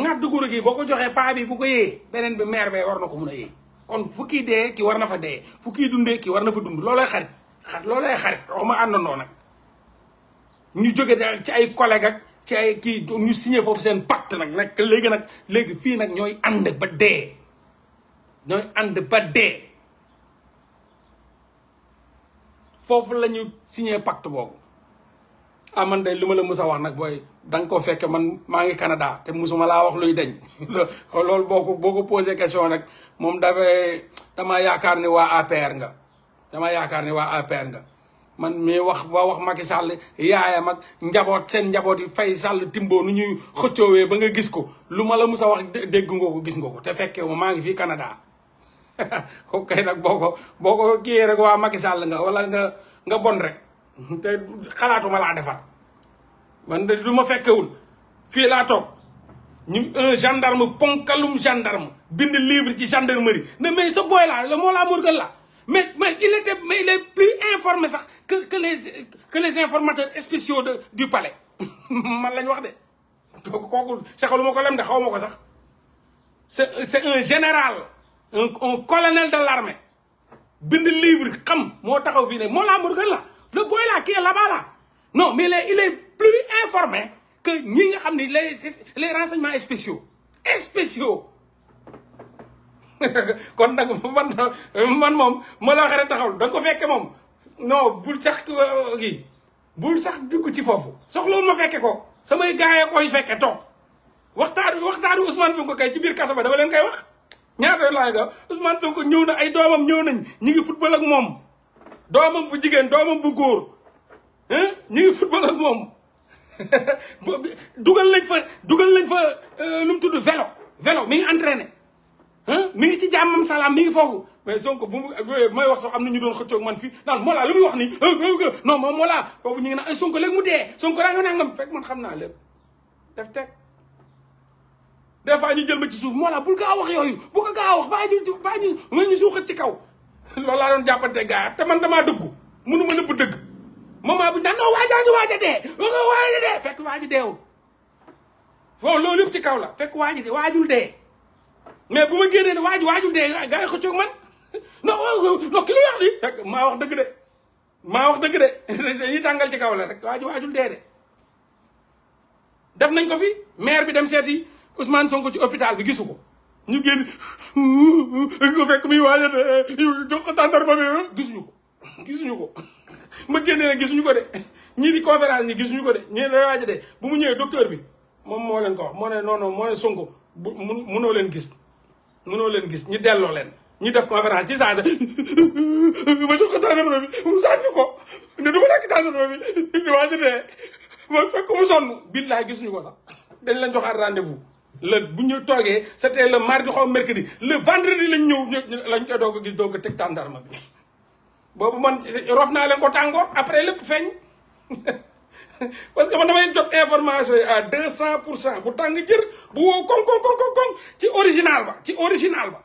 nga duguru gi boo ko joxee paa bi bu ko yee beneen bi meer bee war na ko mun a yee kon fu kii dee ki war na fa dee fu kii dundee ki war na fa dund loolooy xarit xarit loolooy xarit waxuma àndandoo nag ñu jóge daal ci ay collègue ak ci ay kii ñu signé foofu seen pacte nag nag léegi nag léegi fii nag ñooy ànd ba dee ñooy ànd ba dee foofu la ñu signé pacte boobu ah man de li ma la mus a wax nag booy da nga koo fekke man maa ngi Canada te musuma laa wax luy deñ loolu boo ko boo ko posé question nag moom dafay dama yaakaar ni waa APR nga dama yaakaar ni waa APR nga man mii wax ba wax Macky Sall yaayam ak njaboot seen njaboot yu fay Sall timboo nu ñuy xëccoowee ba nga gis ko lu ma la mus a wax dégg nga ko gis nga ko te fekke ma maa ngi fii Canada kooku kay nag boo ko boo ko kiyee rek waa Macky Sall nga wala nga nga bon rek te xalaatuma laa defar man de lu ma fekkewul fii laa ñu un gendarme ponkalum gendarme bind livre ci gendarmerie ne mais ce boy laa la moo laa Morgan la mais mais il était mais il est plus informé sax que que les que les informateurs spéciaux de du palais man lañ wax de kooku saxalu ma ko lem de xawmako sax c'est c'est un général un un colonel de l'armée bind livre xam mo taxaw fi ne mola laa Morgan la le boy là qui est là-bas là. Non, mais il est, plus informé que les, les renseignements spéciaux. spéciaux. je suis man man ma la waxee vous da nga non bul euh, bul sax ci ma ko samay gars koy Il Ousmane de kay ci ba dama vous wax Ousmane football doomam bu jigéen doomam bu góor ñu ngi football ak moom dugal lañ fa dugal lañ fa euh, lu mu tudd vélo vélo mi ngi entraîné mi ngi ci jàmmam salaam mi ngi foofu mais Sonko bu may wax sax am na ñu doon xëccoog man fii naan Mollah lu muy wax ni euh, euh, non moom Mollah boobu ñu ngi naan ay Sonko mu dee Sonko daa nga nangam fekk man xam naa lépp def te des fois ñu jël ma ci suuf Mollah bul gaa wax yooyu bu ko gaa wax baa ñu baa ñu nga ñu ci kaw loolu laa doon jàppante gaa te man damaa dëggu mënu ma nëbb dëgg moment bi ñu naan non waajaa ngi waaj a dee waaw waaj a dee fekk waaj a deewul foofu loolu yëpp ci kaw la fekk waaj a waajul dee mais bu ma génnee ne waaj waajul dee gaa yi xëccoog man non non ki lu wax di fekk maa wax dëgg de maa wax tàngal ci kaw la rek waaj waajul dee de. def nañ ko fi maire bi dem seeti Ousmane Sonko ci hôpital bi gisu ko. ñu génn ko fekk muy waaja jox ko tàndarma bi ah, gisuñu ko gisuñu ko ma génne gisuñu ko de ñii di conférence yi gisuñu ko de ñii lay waaja de bu mu ñëwee docteur bi moom moo leen ko wax moo ne non moo ne Sonko bu munoo leen gis munoo leen gis ñu delloo leen ñu def conférence ci saa sa ma jox ko tàndarma bi mu sànni ko ne du ma lekk tàndarma bi di waaja de ma fekk mu sonn billaay gisuñu ko sax dañ leen joxaat rendez-vous le bu ñu toogee c'était le mardi xaw mercredi le vendredi lañ ñëw lañ koy doog a gis doog a teg tàndarma bi boobu man rof naa leen ko tàngoor après lépp feeñ parce que ma damay jot information yi à deux cent pour cent bu tàng jër bu wow koŋ koŋ koŋ koŋ ci original ba ci original ba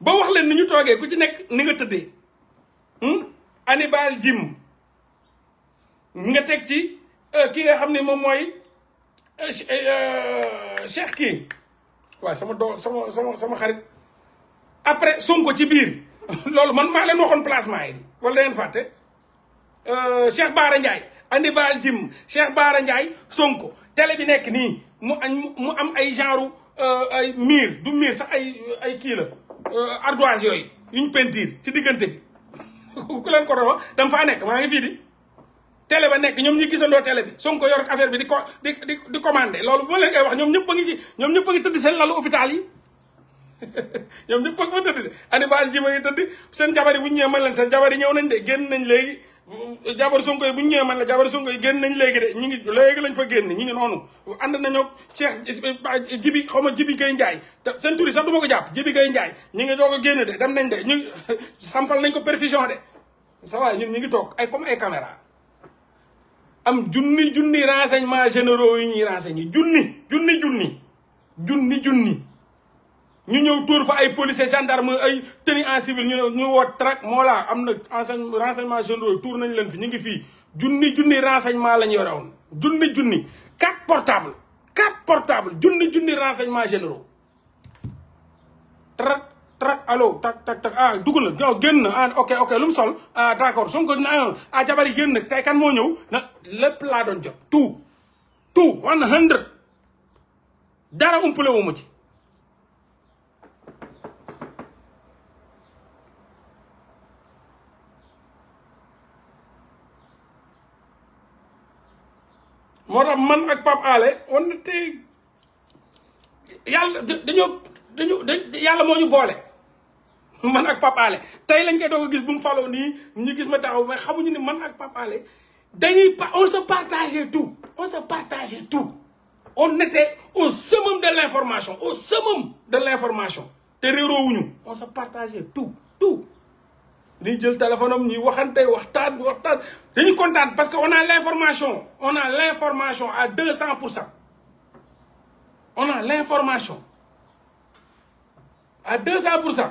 ba wax leen ni ñu toogee ku ci nekk ni nga tëddee Hannibal hmm? Jim nga teg ci euh, ki nga xam ne moom mooy Eh, eh, eh, Cheikh kii waaye sama doo sama sama sama xarit après Sonko ci biir loolu man maa leen waxoon placement yi wala da ngeen fàtte Cheikh Baara Ndiaye andi baal jim Cheikh Baara Ndiaye Sonko tele bi nekk nii mu mu am ay genre ay miir du miir sax ay ay kii la ardoise yooyu yuñ peinture ci diggante bi ku leen ko doon wax dama nekk maa ngi fii di télé ba nekk ñoom ñi gisandoo télé bi Sonko yor affaire bi di ko di di di commandé loolu bu leen koy wax ñoom ñëpp a ngi ci ñoom ñëpp a ngi tëdd seen lalu hôpital yi ñoom ñëpp a tëdd de anibal ji ma ngi tëdd seen jabar bu ñëwee man leen seen ñëw nañ de génn nañ léegi jabar Sonko yi bu ñëwee man la jabar Sonko yi nañ léegi de ñu ngi léegi lañ fa génn ñu noonu ànd nañoo Cheikh xaw ma Jibi Gay Njaay te seen tur yi sax du ko jàpp Jibi Gay Njaay ñu ngi doog a génn de dem nañ de ñu sampal nañ ko perfusion de ça va ñi ngi toog ay comme ay caméra am junni junni renseignement généraux yu ñuy renseigner junni junni junni junni junni ñu ñëw tuur fa ay policier gendarme ay tenue en civil ñu ñu woot track moo laa am na renseignement généraux tuur nañ leen fi ñu ngi fii junni junni renseignement lañ yore woon junni junni quatre portable quatre portable junni junni renseignement généraux trak allo tak tak tak ah dugg na yow génn na ah ok ok lu mu sol ah d' accord Sonko dina ah, ah jabari génn nag tey kan moo na lépp laa doon jot tout tout one hundred dara umpale wu ma moo tax man ak Pape Alé wan na te yàlla dañoo dañu yàlla moo ñu boole man ak papa Alé tay lañ koy doog a gis bu mu fallo ni ñu gis ma taxaw mais xamuñu ni man ak papa Alé dañuy on se partager tout on se partager tout on était au summum de l'information au summum de l'information té réro wuñu on se partager tout tout ni jël téléphone am ñuy waxante waxtaan waxtaan dañuy kontaan parce que on a l'information on a l'information à 200% on a l'information à 200%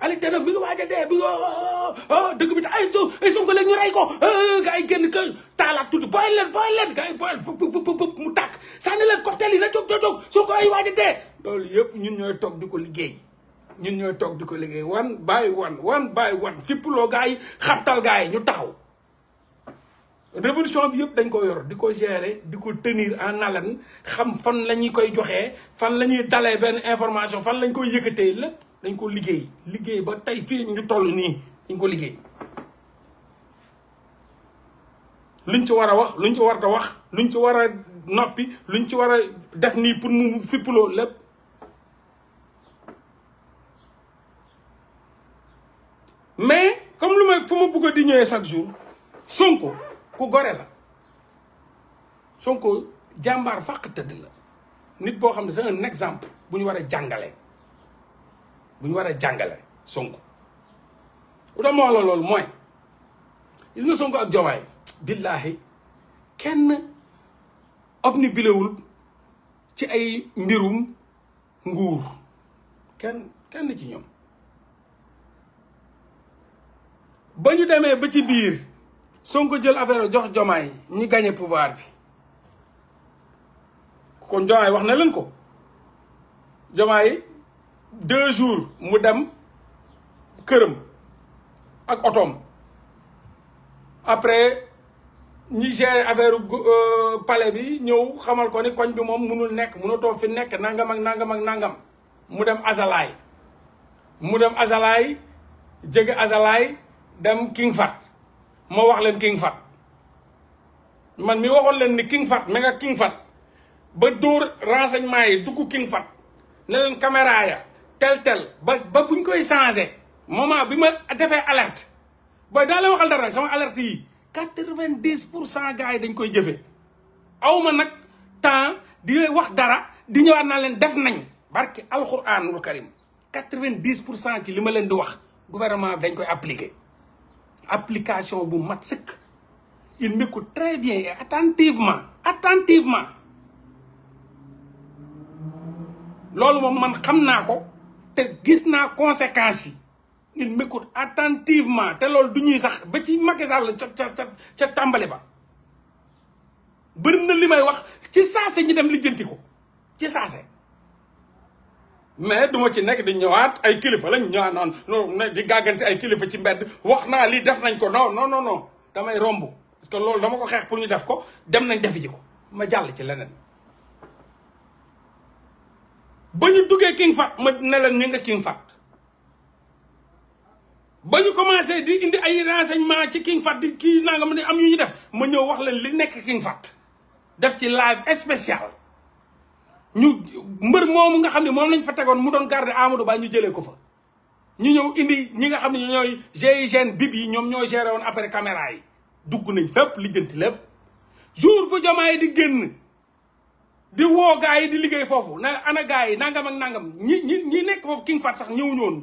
Aliou Théna mi ngi waaj a dee bi oh, oh, dëkk bi ay so ay Sonko léegi ñu rey ko eh, gars yi génn taalaat tuuti booyal leen booyal leen gars yi booyal mu tàkk sànni leen cocktail yi na jóg jóg jóg Sonko ay waaj a loolu yëpp ñun ñooy toog di ko liggéey ñun ñooy toog di ko liggéey wan bàyyi wan wan bàyyi wan fippuloo gars yi xartal gars yi ñu taxaw révolution bi yëpp dañ ko yor di ko gérer di ko tenir en haleine xam fan la ñuy koy joxee fan la ñuy dalee benn information fan lañ koy yëkkatee lépp dañ ko liggéey liggéey ba tey fii ñu toll nii dañ ko liggéey luñ ci war a wax luñ ci war a wax luñ ci war a noppi lu luñ ci war a def nii pour mu fippuloo lépp mais comme lu ma fu ma bëgg di ñëwee chaque jour sonko ku gore la sonko jàmbaar fàq tëdd la nit boo xam ne c'est un exemple bu ñu war a jàngale bu ñu war a jàngale Sonko lu tax wax loolu mooy gis nga Sonko ak Jomaay billaahi kenn obnubilewul ci ay mbirum nguur kenn kenn ci ñoom ba ñu demee ba ci biir Sonko jël affaire jox Jomaay ñi gagné pouvoir bi kon Jomaay wax na leen ko Jomaay deux jours mu dem këram ak otoom après ñi gérer affaire euh, pale bi ñëw xamal ko ni koñ bi moom munul nekk munatoo fi nekk nangam ak nangam ak nangam mu dem azalaay mu dem azalaay jege azalaay dem King Fat ma wax leen King Fat man mi waxoon leen ni King Fat ma nga King Fat ba dóor renseignement yi dugg King Fat ne leen caméra ya tel tel ba ba bu buñ koy changé moment bi ma defee alerte booy daa la waxal dara rek sama alerte yi quatre-vingt-dix pour cent gars yi dañ koy jëfe awma nag temps di wax dara di ñëwaat naa leen def nañ barki alxuraanul karim quatre-vingt-dix pour cent ci li ma leen di wax gouvernement bi dañ koy appliquer application bu mat sëkk il ko très bien et attentivement attentivement loolu moom man xam naa ko te gis naa conséquences yi ngeen m'écoute attentivement te lool du ñuy sax ba ci Macky Sall ca ca ca tàmbali ba bëri na li may wax ci saase ñi dem lijjanti ko ci saase mais duma ci nekk di ñëwaat ay kilifa lañ ñëwaat noonu di gàggante ay kilifa ci mbedd wax naa lii def nañ ko non non non damay romb parce loolu dama ko xeex pour ñu def ko dem nañ defi ji ko ma jàll ci leneen. ba ñu duggee King Fahd ma ne leen ñu nga King Fahd ba ñu commencé di indi ay renseignement ci King Fahd di kii nanga ma ne am yu ñu def ma ñëw wax leen li nekk King Fahd def ci live spécial ñu mbër moomu nga xam ne moom lañ fa tegoon mu doon garder Amadou Ba ñu jëlee ko fa ñu ñëw indi ñi nga xam ne ñooy GIGN bib yi ñoom ñoo géré woon après caméra yi dugg nañ fepp li lijjanti lépp jour bu yi di génn di woo gars yi di liggéey foofu na ana gars yi nangam ak nangam ñi ñi ñi nekk foofu King Fahd sax ñëwuñu woon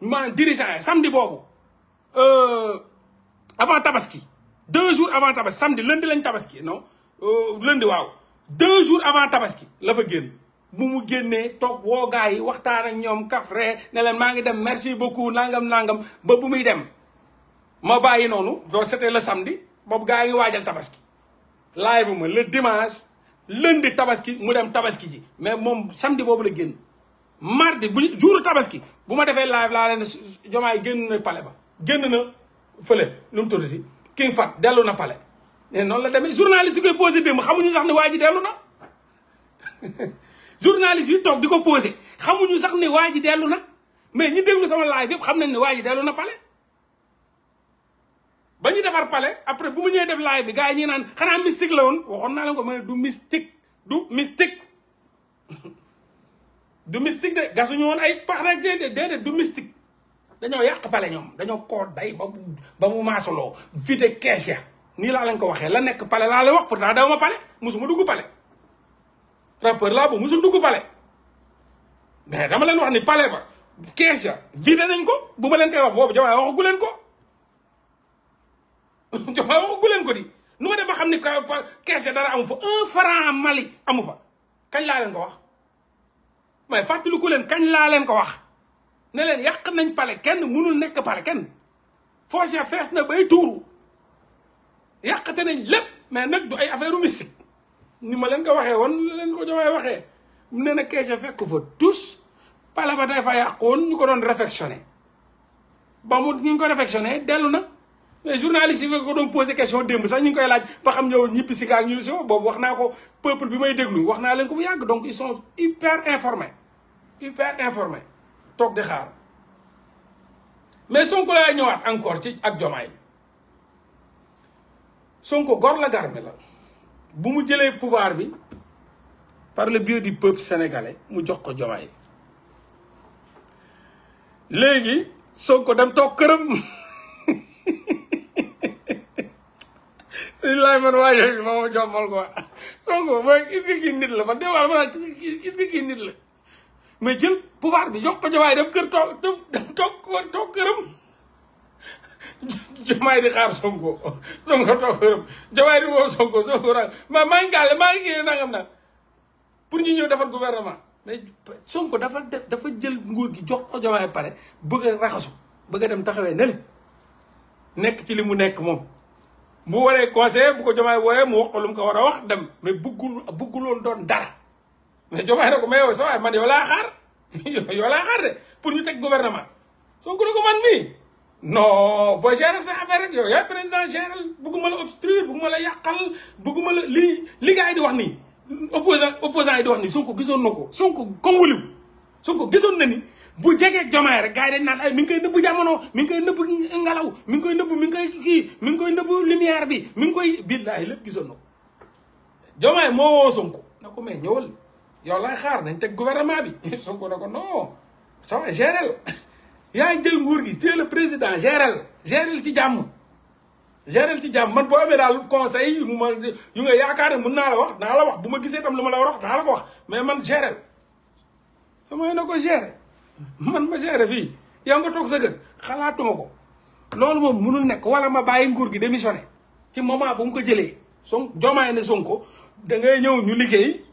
maanaam dirigeant yi samedi boobu euh, avant tabaski deux jours avant tabaski samedi lundi lañ tabaski non euh, lundi waaw deux jours avant tabaski la fa génn bu mu génnee toog woo gars yi waxtaan ak ñoom kafre ne leen maa ngi dem merci beaucoup nangam nangam ba bu muy dem ma bàyyi noonu donc c'était le samedi boobu gaa yi waajal tabaski live ma le dimanche lundi tabaski mu dem tabaski ji mais moom samedi boobu la génn mardi bu juuru tabaski bu ma defee live laa leen jomaay génn na pale ba génn na fële lu mu tuddati King Fat dellu na pale ne noonu la demee journaliste yi koy posé démb xamuñu sax ne waa ji dellu na journaliste yi toog di ko posé xamuñu sax ne waa ji dellu na mais ñi déglu sama live yëpp xam nañ ne waa ji dellu na pale bañu défar palé après bu mu ñëwee def live bi gaay ñi naan xana mystique la woon waxon na la ko ma du mystique du mystique du mystique de ñu woon ay pax rek dédé du mystique dañoo yaq palé ñom dañoo ko day ba mu ba mu masolo vide caisse ya, ni la lañ ko waxé la nek palé la la wax pourtant daw palé musuma duggu palé rapper la bu musuma duggu palé mais dama leen wax ni palé ba caisse ya vide nañ ko bu ma leen koy wax boobu jawaay waxagu leen ko waxagu leen ko di nu ma def ba xam ni keese dara amu fa un franc Mali amu fa kañ laa leen ko wax mais fàttaliku leen kañ laa leen ko wax ne leen yàq nañ pale kenn mënul nekk pale kenn foncier fees na bay tuuru yàqate nañ lépp mais nag du ay affaire mystique ñu ma leen ko waxee woon leen ko joxee waxee mu ne na keese fekk fa tous pale ba day fa yàqoon ñu ko doon réfectionné ba mu ñu ko réfectionné dellu na Les journalistes, qui ont posé des questions sax koy laaj ba xam ils oh, donc ils sont hyper informés hyper informés Toc de xaar mais ñëwaat encore ci ils gor la ils pouvoir par le biais du peuple sénégalais ils jox ko ils sont dem lay man waa yooyu moo ma jommal quoi Sonko mooy est-ce kii nit la man jël pouvoir bi jox ko Diomaye kër toog dem toog toog këram Diomaye di xaar Sonko Sonko toog këram maa ngi gàlle maa ngi kii nangam naan pour ñu ñëw defar gouvernement mais Sonko dafa def dafa jël nguur gi jox ko Diomaye pare bëgg a raxasu bëgg dem taxawee neli nekk ci li mu nekk moom mu waree conseil bu ko jomaay wooyee mu wax ko lu mu war a wax dem mais buggul bugguloon doon dara mais jomaay na ko mais yow sa waay man yow laa xaar yow laa xaar de pour ñu teg gouvernement Sonko ne ko man mii no boo gérer sa affaire rek yow yaay président général bugguma la obstruire bugguma la yàqal bugguma la lii li gars yi di wax nii opposant opposant yi di wax nii Sonko gisoon na ko Sonko kongoliw Sonko gisoon na ni bu jégué ak jomay rek gaay dañ nan ay mi ngi koy neub jamono mi ngi koy neub ngalaw mi ngi koy neub mi ngi koy ki mi ngi koy neub lumière bi mi ngi koy billahi lepp gisono jomay mo wo Sonko nako me mais ñëwal yow laay xaar nañ tek gouvernement bi Sonko nako no non ça va gérel yaa jël nguur gi té le président gérel gérel ci jamm gérel ci jamm man bo amé dal conseil yu nga yaakaar ne mën naa la wax na la wax buma gisé tam luma la wax na la ko wax mais man gérel sama ñoko ko man ma géré fii yow nga toog sa kër xalaatuma ko loolu moom mënul nekk wala ma bàyyi nguur gi démissionné ci moment bu mu ko jëlee son jomaay ne Sonko da ngay ñëw ñu liggéey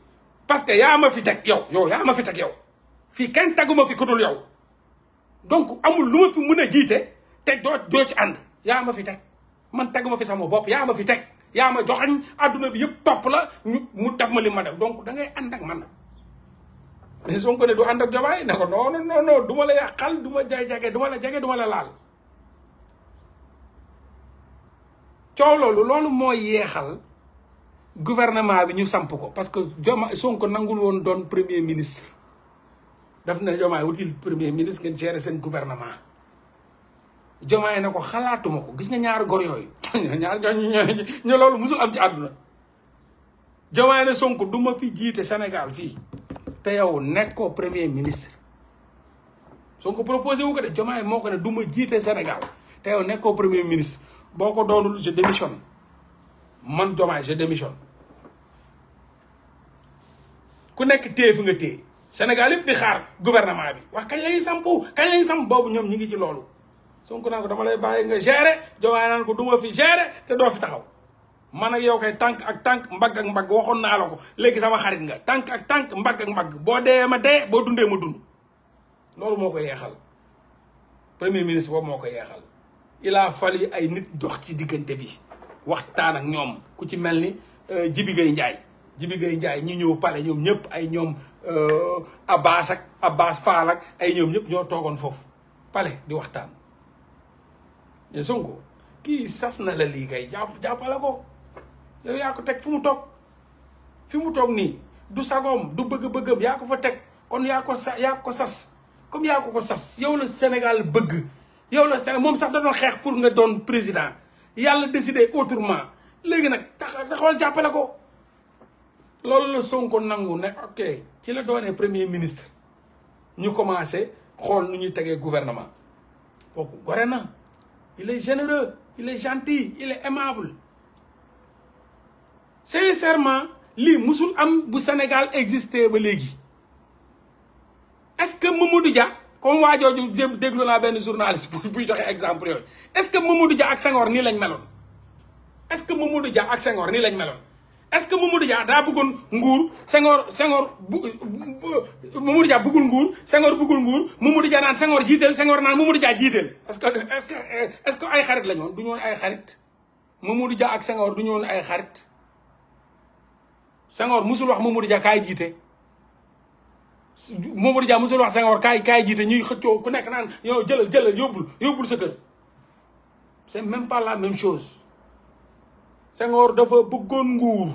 parce que yaa ma fi teg yow yow yaa ma fi teg yow fii kenn taguma fi kutul yow donc amul lu mën a jiite te doo doo ci ànd yaa ma fi teg man taguma fi sama bopp yaa ma fi teg yaa ma joxañ àdduna bi yëpp topp la ñu mu def ma li ma dem donc da ngay ànd ak man mais Sonko ne du ànd ak Diomaye ne ko non non non du ma la yàqal du jage du ma la laal coow loolu loolu mooy yeexal gouvernement bi ñu samp ko parce que Diomaye Sonko nangul woon doon premier ministre def na Diomaye wutil premier ministre ngeen gérer seen gouvernement Diomaye na ko xalaatuma ko gis nga ñaari gor yooyu ñaar ñooñu ñu loolu musul am ci àdduna Diomaye ne Sonko du ma fi jiite Sénégal fii te yow nekkoo premier ministre Sonko proposé wu ko de Diomaye moo ko ne duma jiite Sénégal te yow nekkoo premier ministre boo ko doonul je démissionne man Diomaye je démissionne ku nekk téye fu nga téye Sénégal yëpp di xaar gouvernement bi wax kañ la ñuy sampu kañ la ñuy samp boobu ñoom ñi ngi ci loolu Sonko naan ko dama lay bàyyi nga gérer Diomaye naan ko du ma fi gérer te doo fi taxaw. man ak yow kay tànk ak tànk mbagg ak mbagg waxoon naa la ko léegi sama xarit nga tànk ak tànk mbagg ak mbagg boo dee ma dee boo dundee ma dund loolu moo ko yeexal premier ministre boobu moo ko yeexal il a fallu ay nit dox ci diggante bi waxtaan ak ñoom ku ci mel ni euh, Jibi Gueye Ndiaye Jibi Gueye Ndiaye ñi ñëw pale ñoom ñëpp ay ñoom euh, Abbas ak Abbas Fall ak ay ñoom ñëpp ñoo toogoon foofu pale di waxtaan mais Sonko kii sas na la lii kay jàpp jàppale ko yow yaa ko teg fi mu toog fi mu du sagom du bëgg-bëggam yaa ko fa teg kon yaa ko sa ko sas comme yaa ko ko sas yow la Sénégal bëgg yow la Sénégal mom sax da doon xex pour nga doon président yalla décidé autrement légui nak tax taxawal jàppale ko lolou la Sonko nangou ne ok ci la doonee premier ministre ñu commencé xol nu ñuy tegee gouvernement kooku gore na il est généreux il est gentil il est aimable sincèrement li musul am bu Sénégal existé ba légui. est-ce que Mamadou Dia comme wa jooju déglu na ben journaliste bu joxe exemple est-ce que Mamadou Dia ak Senghor ni lañ melone? est-ce que Mamadou Dia ak Senghor ni lañ melone? est-ce que Mamadou Dia da bëggoon nguur Senghor Senghor bu Mamadou Dia bëggul nguur Senghor bëggul nguur Mamadou Dia nan Senghor jiiteel Senghor nan Mamadou Dia jiiteel est-ce que est-ce que est-ce que ay xarit lañ won du ñu woon ay xarit Mamadou Dia ak Senghor du ñu ay xarit Senghor musul wax Mamadou Dia kaay jiite jaa Dia musul wax Senghor kaay kaay jiite ñuy xëccoo ku nekk naan yow jëlal jëlal yóbbul yóbbul sa kër c'est même pas la même chose Senghor dafa bëggoon nguur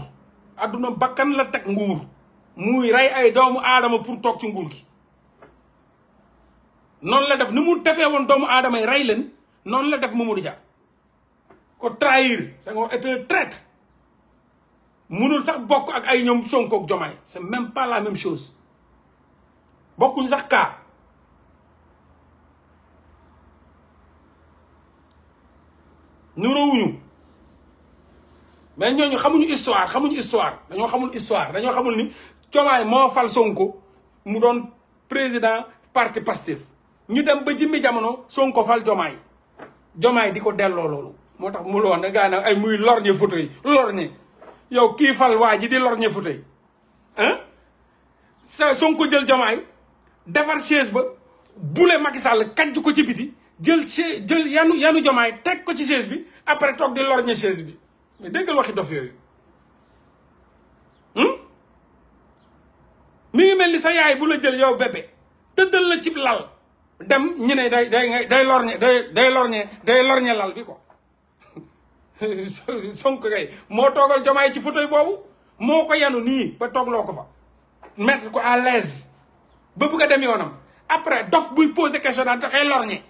adduna bakkan la teg nguur muy rey ay doomu aadama pour toog ci nguur gi noonu la def ni mu defee woon doomu aadama yi rey leen noonu la def Mamadou Dia ko trahir Senghor est un mënul sax bokk ak ay ñoom sonkook ak Jomaay c'est même pas la même chose bokkuñ sax kaa nuróowuñu mais ñooñu xamuñu histoire xamuñu histoire dañoo xamul histoire dañoo xamul ni Jomaay moo fal Sonko mu doon président parti Pastef ñu dem ba jimmi jamono Sonko fal Jomaay Jomaay di ko delloo loolu moo tax mu loon na gaa ay muy lorñe photo yi lorñe yow kii fal waa ji di lorñee fu sa son ko jël jomaay defar chaise ba bule Macky Sall kajj ko ci biti jël chaise jël yanu yanu jomaay teg ko ci chaise bi après toog di lorñe chaise bi mais déggal waxi dof yooyu hmm? mi ngi mel ni sa yaay bu la jël yow bébé tëddal la cib lal dem ñu ne day day day lorñe day day day lorñe lal bi ko Sonko kay moo toogal jomaay ci fauteuil boobu moo ko yanu nii ba toogloo ko fa mettre ko à l'aise ba bëgg a dem yoonam après dof buy poser question daal dafay lorñe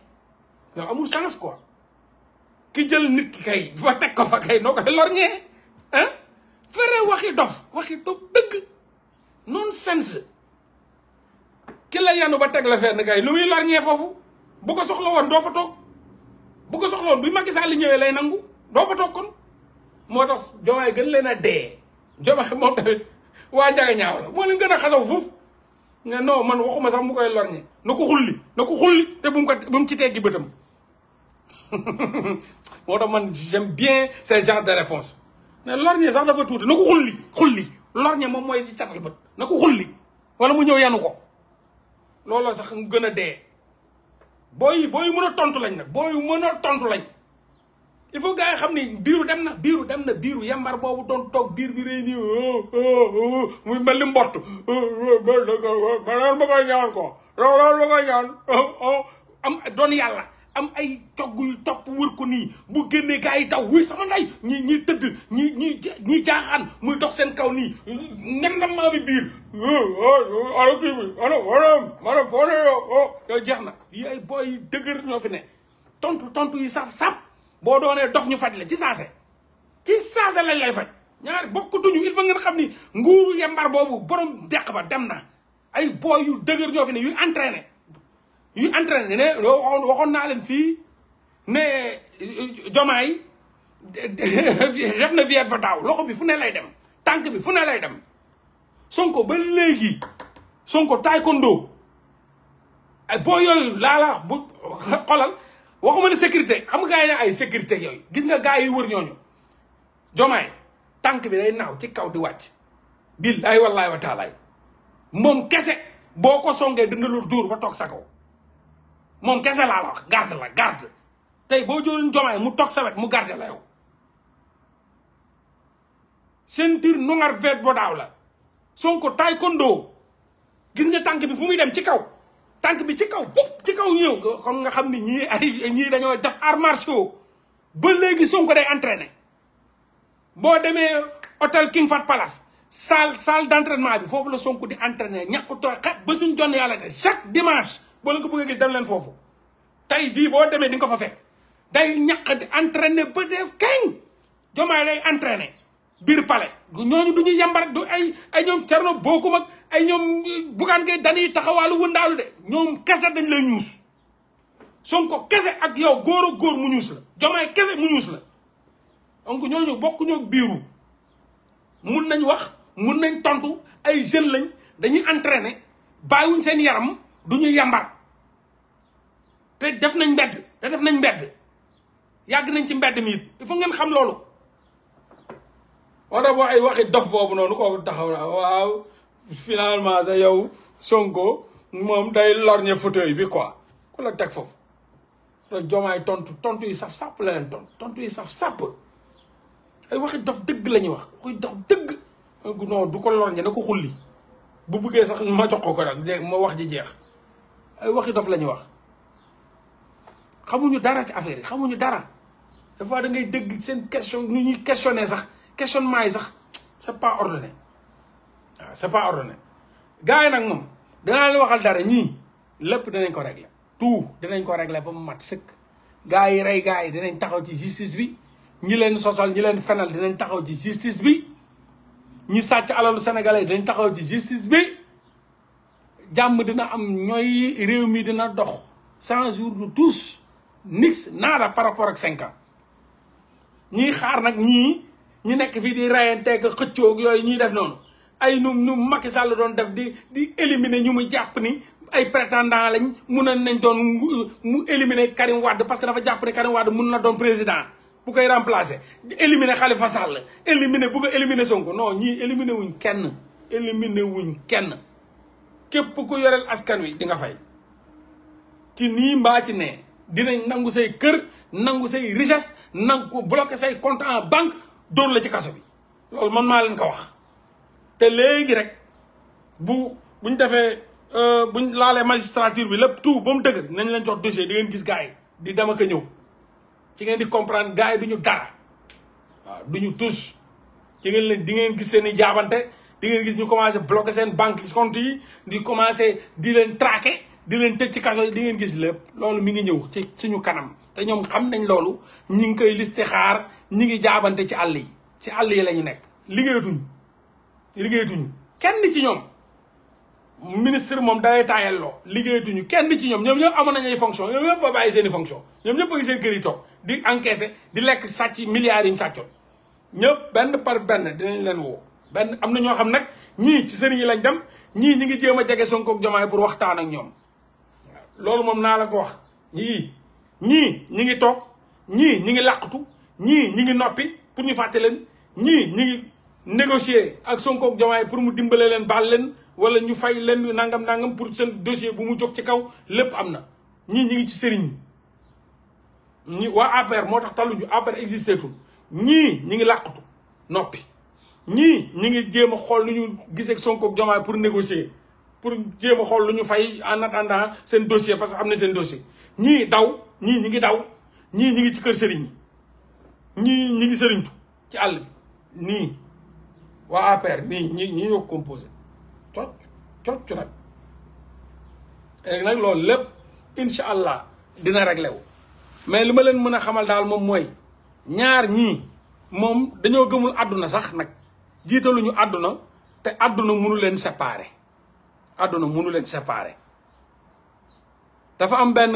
ki jël nit ki kay ba teg ko fa kay noo koy lorñee ah fere waxi dof waxi dof dëgg non sens ki la yanu ba teg la fenn kay lu muy lorñee foofu bu ko soxla woon doo fa toog bu ko soxla woon bu Macky li ñëwee lay nangu doo fa toog kon moo tax jomaay gën leen a dee jomaay moom tamit waa njaga ñaaw la moo leen gën a xasaw fuuf ne non man waxuma sax mu koy lorñe na ko xulli na ko xulli te bu mu ko bu mu ci teggi bëtam moo tax man j'aime bien ce genre de réponse ne lorñe sax dafa tuuti na ko xulli xulli lorñe moom mooy ci bët na ko xulli wala mu ñëw yanu ko looloo sax mu gën a dee booy booy mën a tontu lañ nag booy mën a tontu lañ il faut gars yi xam ni biiru dem na biiru dem na biiru yambar boobu doon toog biir bi réy nii muy mel ni mbott loolu ma koy ñaan ko loolu ma koy ñaan doon yàlla am ay cogg yu topp wër ko nii bu génnee gars yi taw wuy sama nday ñi ñi tëdd ñi ñi ñi jaaxaan muy dox seen kaw nii ngen na maa mi biir ana kii bi ana maanaam maanaam foo ne yow jeex na yi ay booy dëgër ñoo fi ne tontu tontu yi saf saf boo doonee dof ñu faj la ci saase ci saase lañ lay faj ñaari bokkatuñu il faut ngeen xam ni nguuru yembar boobu borom deq ba dem na ay booy yu dëgër ñoo fi ne yuy entraîné yuy entraîné ne waxoon waxoon naa leen fii ne jomaay euh, def na viet ba daaw loxo bi fu ne lay dem tànk bi fu ne lay dem sonko ba léegi sonko taekwondo ay boo yooyu laa bu xolal waxuma ne sécurité xam nga gars ne ay sécurité yooyu gis nga gars yu wër ñooñu jomaay tànk bi day naaw ci kaw di wàcc billaay wallaay wa taalaay moom kese boo ko songee dina lu dóor ba toog sa kaw moom kese laa la wax garde la garde tey boo jóoleen jomaay mu toog sa mu garde la yow ceinture noire verte bo daaw la tay kondo gis nga tànk bi fu muy dem ci kaw tànk bi ci kaw bopp ci kaw ñëw nga xam nga xam ni ñii ay ñii dañoo def arts martiaux ba léegi Sonko day entraîné boo demee hôtel King Fahd Palace salle salle d' entraînement bi foofu la Sonko di entraîné ñàkk tooy xat ba suñ jonn yàlla te chaque dimanche boo la ko bëggee gis dem leen foofu tey jii boo demee di ko fa fekk day ñàkk di entraîné ba def keng jomaay lay entraîné biir palais ñooñu du ñu yambar du ay ay ñoom Thierno Bocoum ak ay ñoom euh, Bougane Gueye Dany taxawaalu wëndaalu de ñoom kese dañ lay ñuus Sonko kese ak yow góor góor mu ñuus la Diomaye kese mu ñuus la donc ñooñu bokk ñoo biiru mun nañ wax mun nañ tontu ay jeunes lañ dañuy entraîner bàyyiwuñ seen yaram du ñu yambar te def nañ mbedd te def nañ mbedd yàgg nañ ci mbedd mi it il ngeen xam loolu moo tax ay waxi dof boobu noonu kooku taxaw na waaw finalement sa yow Sonko moom day lorñe fauteuil bi quoi ku la teg foofu la jomaay tontu tontu yi saf sàpp la leen tontu tontu yi saf sàpp ay waxi dof dëgg la ñuy wax waxi dof dëgg non du ko lorñe na ko xulli bu bëggee sax ma jox ko ko nag ma wax ji jeex ay waxi dof la ñuy wax xamuñu dara ci affaire yi xamuñu dara des fois da ngay dëgg seen question nu ñuy questionné sax question yi sax c'est pas ordonné c'est pas ordonné gaay nak nag da danaa leen waxal dara ñii lépp danañ ko régler tout danañ ko régler ba mat seuk gaay ray gaay gars yi taxaw ci justice bi ñi leen sosal ñi leen fenal dinañ taxaw ci justice bi ñi sacc alal sénégalais dinañ taxaw ci justice bi jamm dina am ñoy réew mi dina dox 100 jours de tous nix nada par rapport ak 5 ans ñi xaar nak ñi ñi nekk fii di rayanteeg xëccoog yooyu ñuy def noonu ay nu nu Macky Sall doon def di di éliminer ñu mu jàpp ni ay prétendant lañ munoon nañ doon mu éliminer Karim Wade parce que dafa jàpp ne Karim Wade mun na doon président bu koy remplacer di éliminer Khalifa Sall éliminer bu ko éliminer Sonko non ñii éliminer wuñ kenn éliminer wuñ kenn képp ku yoreel askan wi di nga fay ci nii mbaa ci ne dinañ nangu say kër nangu say richesse nangu bloqué say compte en banque doon la ci kasso bi loolu man ma len ko wax te legui rek bu buñ euh buñ laalee magistrature bi lepp tout bam mu nañ len jot dossier di ngeen gis gaay di dama ka ñew ci ngeen di comprendre gaay duñu dara wa duñu tous ci ngeen len di ngeen gis seen jabanté di ngeen gis ñu commencé bloquer seen banque compte yi di commencé di len traquer di len tecc ci kasso di ngeen gis lepp lolou mi ngi ñew ci suñu kanam te ñom xam nañ lolou ñing koy listé xaar ñi ngi jaabante ci àll yi ci àll yi la ñu nekk liggéeyatuñu liggéeyatuñu kenn ci ñoom ministre moom dalay taayalloo liggéeyatuñu kenn ci ñoom ñoom ñëpp amoon nañu ay fonction ñoom ñëpp ba bàyyi fonction ñoom ñëpp a ngi seen kër yi toog di encaissé di lekk sàcc milliards yi ñu sàccoon ñëpp benn par benn dinañ leen woo benn am na ñoo xam nag ñii ci sëriñ yi lañ dem ñii ñi ngi jéem a jege Sonko ak Diomaye pour waxtaan ak ñoom loolu moom naa la ko wax ñii ñii ñi ngi toog ñii ñi ngi làqatu ñii ñi ngi noppi pour ñu fàtte leen ñii ñi ngi négocier ak Sonko ak pour mu dimbale leen baal leen wala ñu fay leen nangam nangam pour seen dossier bu mu jog ci kaw lépp am na ñii ñi ngi ci sëriñ yi ñi waa moo tax talluñu APR existé tul ñii ñi ngi làqatu noppi ñii ñi ngi jéem a xool lu ñu gisee ak Sonko ak Diomaye pour négocier pour jéem a xool lu ñu fay en attendant seen dossier parce que am na seen dossier ñii daw ñii ñi ngi daw ñii ñi ngi ci kër sëriñ yi ñii ñi ngi sëriñtu ci àll bi nii waa APR nii ñii ñi ñoo composé cocc cocc nag nag loolu lépp incha allah dina réglé wu mais li ma leen mën a xamal daal moom mooy ñaar ñii moom dañoo gëmul àdduna sax nag jiitaluñu àdduna te àdduna mënu leen séparé àdduna munu leen séparé dafa am benn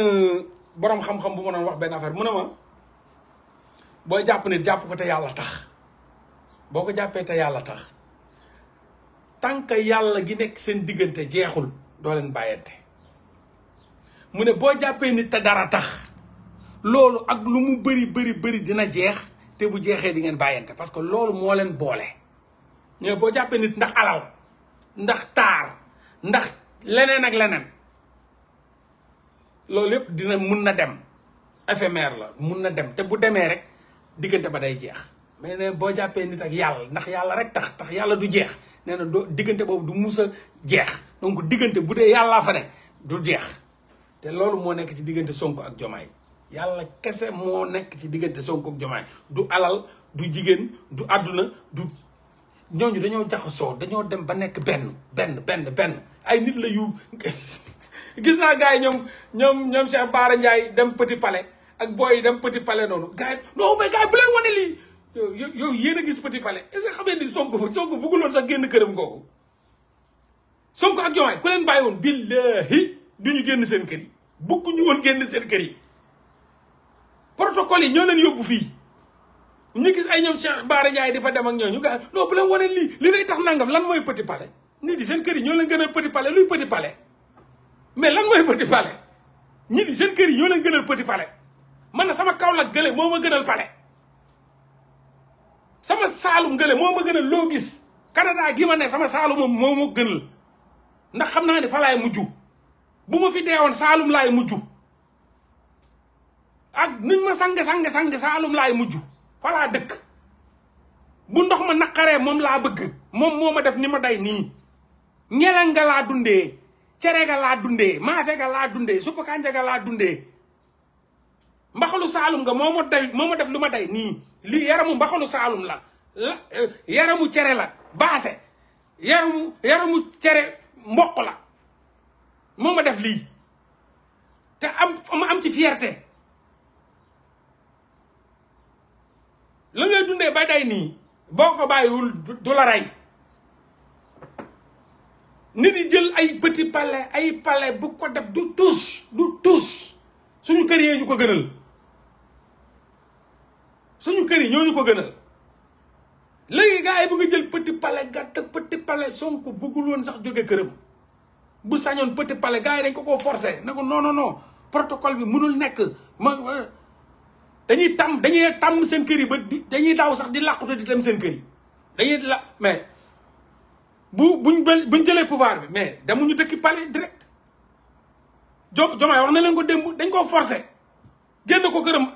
boroom xam-xam bu ma doon wax benn affaire mun ne ma boy japp ne japp ko te yalla tax boko jappé te yalla tax tànk yalla gi nek sen digënté jéxul do len bàyyante mu ne boo jàppee nit ta dara tax lolu ak lu mu bëri bëri bëri dina jéx té bu jéxé di ngeen bàyyante parce que lolu mo len bolé ñu bo jappé jàppee nit ndax alal ndax tar ndax lenen ak lenen lolu yëpp dina mun dem éphémère la mun dem té bu démé rek digënté ba day jeex mais ne boo jàppee nit ak yalla ndax yalla rek tax tax yalla du jeex nee na digënté bobu du musa a jeex donc digënté bu dee fa ne du jeex te loolu mo nekk ci digënté Sonko ak jomay yalla kese mo nekk ci digënté Sonko ak jomay du alal du jigen du aduna du ñooñu dañoo jaxasoo dañu dem ba nekk benn benn benn benn ay nit la yu gis na gaay ñom ñom ñom Cheikh Bara ndjay dem Petit Palais ak booy yi dem petit palais noonu gars yi non mais gars yi bu leen wane lii yow yow yéen a gis petit palais est-ce que xam ngeen ni Sonko Sonko bëgguloon sax génn këram googu Sonko ak Diomaye ku leen bàyyi woon billahi duñu génn seen kër yi bëgguñu woon génn seen kër yi protocole yi ñoo leen yóbbu fii ñu gis ay ñoom Cheikh Bara Ndiaye di fa dem ak ñooñu gars non bu leen wane lii li lay tax nangam lan mooy petit pale nit yi seen kër yi ñoo leen gën a petit palais luy petit pale mais lan mooy petit palais ñi di seen kër yi ñoo leen gënal petit palais man na sama kaw Kaolack gële moo ma gënal pare sama saalum gële moo ma gënal loo gis Canada gii ma ne sama saalum moo ma gënal ndax xam naa ne fa laay mujj bu ma fi deewoon saalum laay mujj ak nuñ ma sange sange sange saalum laay mujj fa laa dëkk bu ndox ma naqaree moom laa bëgg moom moo ma def ni ma day nii ga laa dundee cere ga laa dundee maafe ga laa dundee suppu kànja ga laa dundee mbaxalu salum nga momo ma day moo def luma day nii yaramu mbaxalu salum la la eh, yaramu cere la basé yaramu yaramu cere mbokk la momo def li te am am ci fierté la ngay dundé ba day ni boko bayiwul du la ray nit yi jël ay petit palais ay palais bu ko def du tous du tous suñu kër gënal suñu kër yi ñooñu ko gënal légui gaay bu nga jël petit palais gàtt petit palais sonku bëggul won sax joggé kërëm bu sañon petit palais gaay dañ ko ko forcer nako non non non protocole bi mënul nekk ma dañuy tam dañuy tam seen kër yi ba dañuy daw sax di làqutu di dem seen kër yi dañuy la mais bu buñ buñ jëlé pouvoir bi mais ñu dëkk palais direct jo jomaay wax na leen ko dem dañ ko forcer genn ko kërëm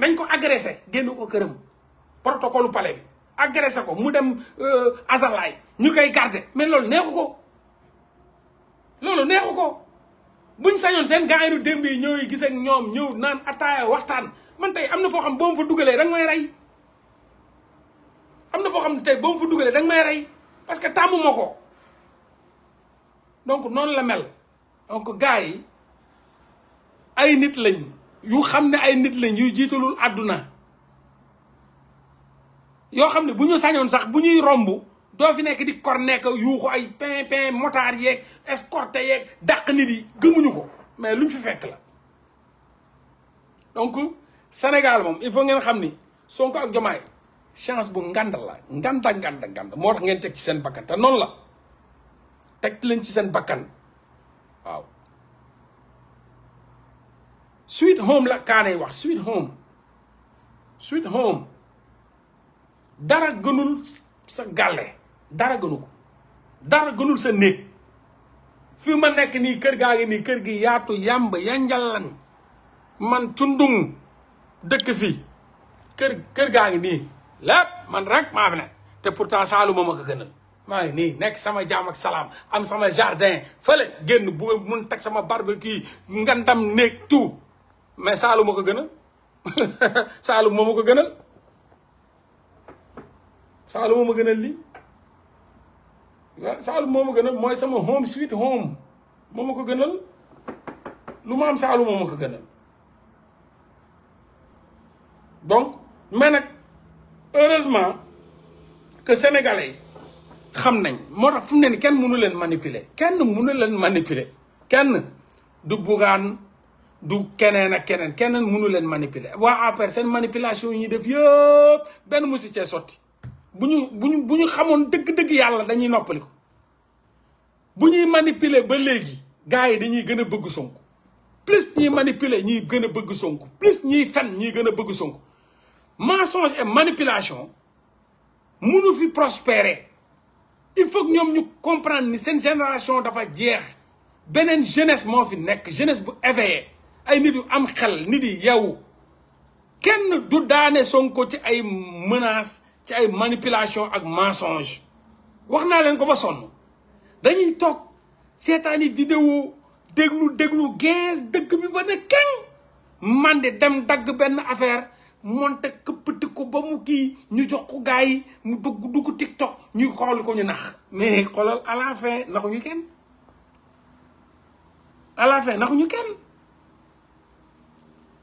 dañ ko agressé génn ko këram protocole palais bi agressé ko mu dem euh, azalaay ñu koy garder mais loolu neexu ko loolu neexu ko buñ sañoon seen gaañu démb yi ñëw gis ak ñoom ñëw naan ataaya waxtaan man tey am na foo xam boo ma dugalee danga may rey am na foo xam ne tey boo dugalee danga may rey parce que tàmmu ko donc noonu la mel donc gars yi ay nit lañ yu xamne ay nit lañ yu jiitalul àdduna yoo xam ne bu ñu sax bu rombu do fi nek di kor yu ko ay pin pin motar yek escorté yek dak nit yi gëmuñu ko mais luñ fi fekk la donc Sénégal mom il faut ngeen xamni Sonko ak jomay chance bu ngand la nganda nganda nganda moo tax ngeen tek ci sen bakkan ta non la tek leen ci sen bakkan waaw sweet home la kaanay wax sweet home sweet home dara gënul sa gàlle dara gënu gënul sa néeg fi ma nekk nii kër gaa ngi nii kër gi yaatu yàmb yanjalan man cundung dëkk fi kër kër gaa ngi nii lépp man rek maa fi nekk te pourtant saaluma ma ko gënal maa ngi nii nekk sama jaam ak salaam am sama jardin fële génn bu mun teg sama barbecue ngandam néeg tout mais Saalum ma ko gënal Saalum moo ma ko gënal Saalum moo ma gënal lii waaw Saalum moo ma gënal mooy sama home sweet home moo ma ko gënal lu mu am Saalum moo ma ko gënal donc mais nag heureusement que sénégalais xam nañ moo tax fu mu ne nii kenn mënu leen manipuler kenn mënu leen manipuler kenn du bugaan. du kenen ak kenen kenen mënu len manipuler wa APR seen manipulation yi def yëpp ben musi ci soti buñu buñu bu ñu deug ñu xamoon dañuy noppali buñuy manipuler ba léegi gars dañuy gëna bëgg sonku plus ñi manipuler ñi gëna a bëgg sonku plus ñi fen ñi gëna a bëgg sonku mensonge et manipulation mënu fi prospérer il faut que ñom ñu comprendre ni sen génération dafa jeex benen jeunesse mo fi nek jeunesse bu éveillé ay nit yu am xel nit yi yow kenn du daane Sonko ci ay menace ci ay manipulation ak mensonge waxna len ko ba son dañuy tok seetaani video deglu deglu gees deug bi ba ne keng man de dem dag ben affaire monte këppati ko ba mu ki ñu jox ko gaay mu dugg dugg TikTok ñu xol ko ñu nax mais xolal à la fin ñu kenn à la fin ñu kenn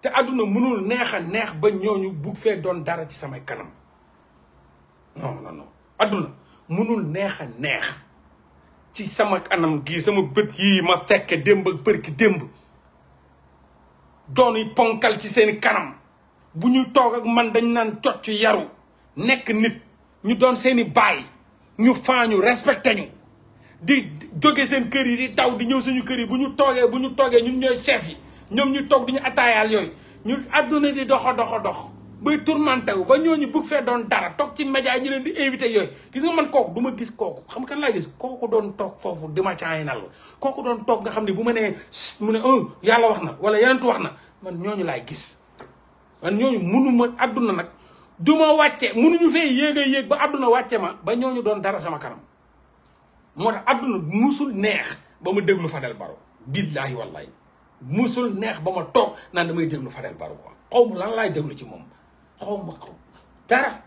té aduna mënul neex a neex ba ñooñu don fee doon dara ci samay kanam non non non aduna mënul neex a neex ci sama kanam gi sama bëtt yi ma fekk demb ak bërki demb doon ponkal ci seen kanam bu ñu toog ak man dañ naan cocc yaru nek nit ñu doon seeni baay ñu faañu respecté ñu di joggé seen kër yi di taw di ñëw suñu kër yi bu ñu toogee bu ñu toogee ñun ñooy chef yi ñoom ñu toog duñu attaayaal yooyu ñu àdduna di doxa doxa dox bay tourmenté wu ba ñooñu bëgg fee doon dara toog ci média yi ñu leen di invité yooyu gis nga man kooku du ma gis kooku xam kan laa gis kooku doon toog foofu di ma caayinal kooku doon toog nga xam ne bu ma nee mu ne un yàlla wax na wala yeneen wax na man ñooñu laay gis man ñooñu munu ma àdduna nag duma ma wàcce munuñu fee yéeg a yéeg ba àdduna wàcce ma ba ñooñu doon dara sama kanam moo tax àdduna musul neex ba mu déglu Fadel Baro billaahi wallahi musul neex ba ma toog naan damay déglu Fadel Barro quoi xaw ma lan laay déglu ci moom xaw ma xaw dara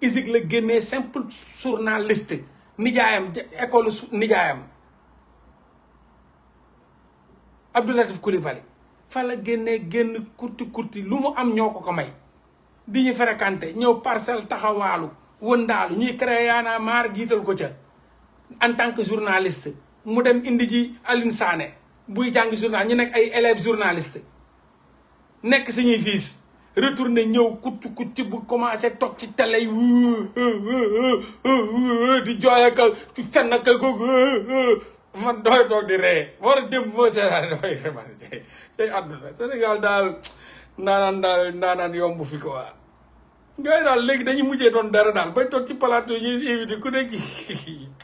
isig la génnee simple journaliste nijaayam école nijaayam Abdoulatif Coulibaly fa la génnee génn kurti kurti lu mu am ñoo ko ko may di ñu fréquenté ñëw parcelle taxawaalu wëndaalu ñuy créé yaana maar jiital ko ca en tant que journaliste mu dem indi ji Alioune Sané buy jàng journal ñu nekk ay élèves journaliste nekk suñuy fiis retourne ñëw kutt ci bu commencé toog ci télé yi di jooy ak ci fenn ak googu man dooy toog di ree war a démb moo seetaan dooy xibaar tey àdduna Sénégal daal naanaan daal naanaan yomb fi quoi ngay daal léegi dañuy mujjee doon dara daal bay toog ci palaat yi ñuy invité ku nekk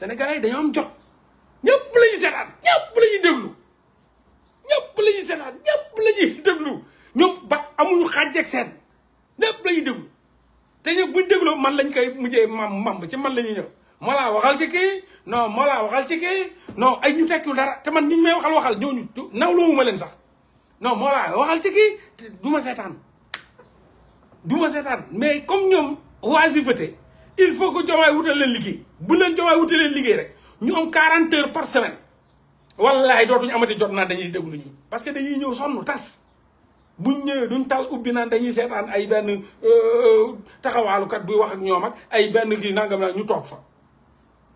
sénégalais yi dañoo am jot ñëpp la ñuy seetaan ñëpp la ñuy déglu ñëpp la ñuy seetaan ñëpp la ñuy déglu ñoom ba amuñu xàjj ak seen ñëpp la ñuy déglu te ñëpp buñ dégloo man lañ koy mujjee mam mam ci man la ñuy ñëw moo laa waxal ci kii non moo ay ñu tekkul dara te man niñ may waxal waxal ñooñu nawloowuma leen sax non moo laa waxal ci kii du seetaan du seetaan mais comme ñoom oisiveté il faut que jomaay wutal leen liggéey bu leen jomaay wutal leen liggéey rek ñu am 40 heures par semaine wallaay dootuñu amate jot naa dañuy déglu ñu parce que dañuy ñëw sonn tas bu ñëwee duñ tal ubbi naan dañuy seetaan ay benn euh, euh, taxawaalukat buy wax ak ñoom ak ay benn kii nangam naa ñu toog fa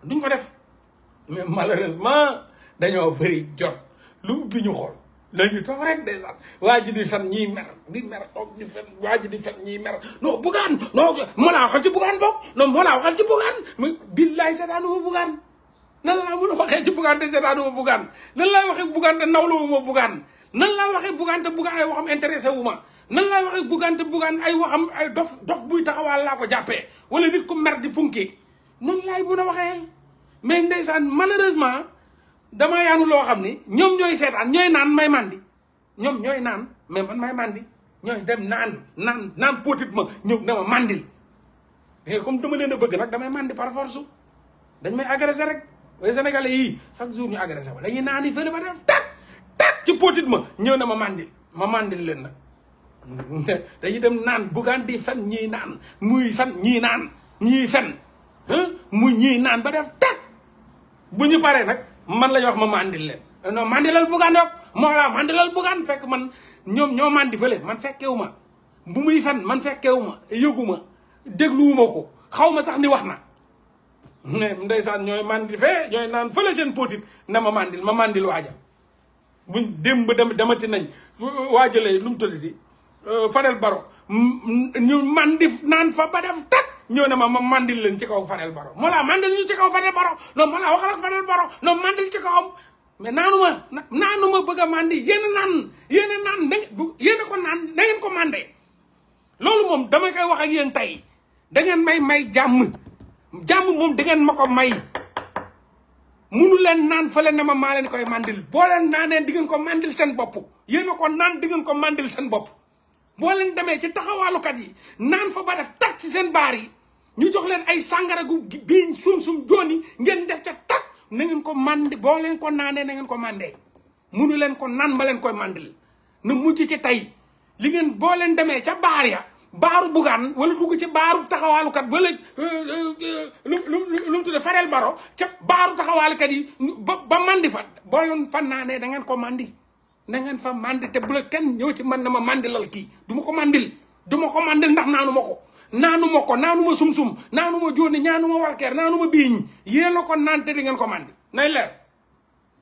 duñ ko def mais malheureusement dañoo bëri jot lu ubbi ñu xool dañu toog rek de sax waa ji di fen ñiy mer di mer toog di fen waa ji di fen ñiy mer non bugaan non moo laa waxal ci bugaan boog non moo laa waxal ci bugaan mu billaay seetaanu ma bugaan nan laa mën a waxee ci bugaan te seetaanu ma bugaan nan laa waxee bugaan te nawlawu ma bugaan nan laa waxee bugaan te bugaan ay waxam intéressé wu ma nan laa waxee bugaan te bugaan ay waxam ay dof dof buy taxawaal laa ko jàppee wala nit ku mer di funki noonu laay mën a waxee mais ndeysaan malheureusement dama yaanu loo xam ni ñoom ñooy seetaan ñooy naan may màndi ñoom ñooy naan mais man may màndi ñooy dem naan naan naan póotit ma ñëw ne ma màndil te comme dama leen a bëgg nag damay màndi par force dañ may agressé rek way sénégalais yii chaque jour ñu agressé ma dañuy naan yi fële ba def tat tat ci póotit ma ñëw ne ma màndil ma màndil leen nag dañuy dem naan buggaan di fen ñii naan muy fen ñii naan ñii fen mu ñii naan ba def tat bu ñu paree nag man la ñu wax ma mandil leen eh, non mandilal bugaan yok moo laa mandilal bugaan fekk man ñoom ñoo màndi fële man fekkewu ma bu muy fen man fekkewu ma yëguma dégluwuma ko xaw ma sax ni wax na mais ndeysaan ñooy mandi fee ñooy naan fële seen pootit na ma màndil ma mandil waaja buñ démb dem demati nañ waajale lu mu tëddati Euh, Fadel Baro ñu mandif naan fa ba def tat ñëw ne ma ma mandil leen ci kaw Fadel Baro moo laa mandil ñu ci kaw Fadel Baro non moo laa waxal ak Fadel Baro non mandil ci kawam mais naanu ma naanu ma bëgg a mandi yéen a naan yéen a naan na yéen a ko naan na ngeen ko mandee loolu moom dama koy wax ak yéen tey da ngeen may may jàmm jàmm moom da ngeen ma ko may munu leen naan fële ne ma maa leen koy mandil boo leen naanee di ngeen ko mandil seen bopp yéen a ko naan di ngeen ko mandil seen bopp boo leen demee ci taxawaalukat yi naan fa ba def tak ci seen baar yi ñu jox leen ay sàngara gu biiñ sum-sum jooni ngeen def ca tak na ngeen ko màndi boo leen ko naanee nangeen ngeen ko màndee leen ko naan ma leen koy màndil na mujj ci tey li ngeen boo leen demee ca baar ya bugaan wala dugg ci baaru taxawaalukat wala euh, euh, lu lu lu mu tudde ca baaru taxawaalukat yi ba ba màndi fa boo leen fa naanee da ngeen ko màndi na ngeen fa mandi te bu kenn ñëw ci man na ma mandilal kii duma ma ko mandil du ko mandil ndax naanu ma ko naanu ma ko naanu ma sum-sum naanu ma jóoni ñaanu ma walkeer naanu ma biiñ yéen a ko naan te di ngeen ko mandi na leer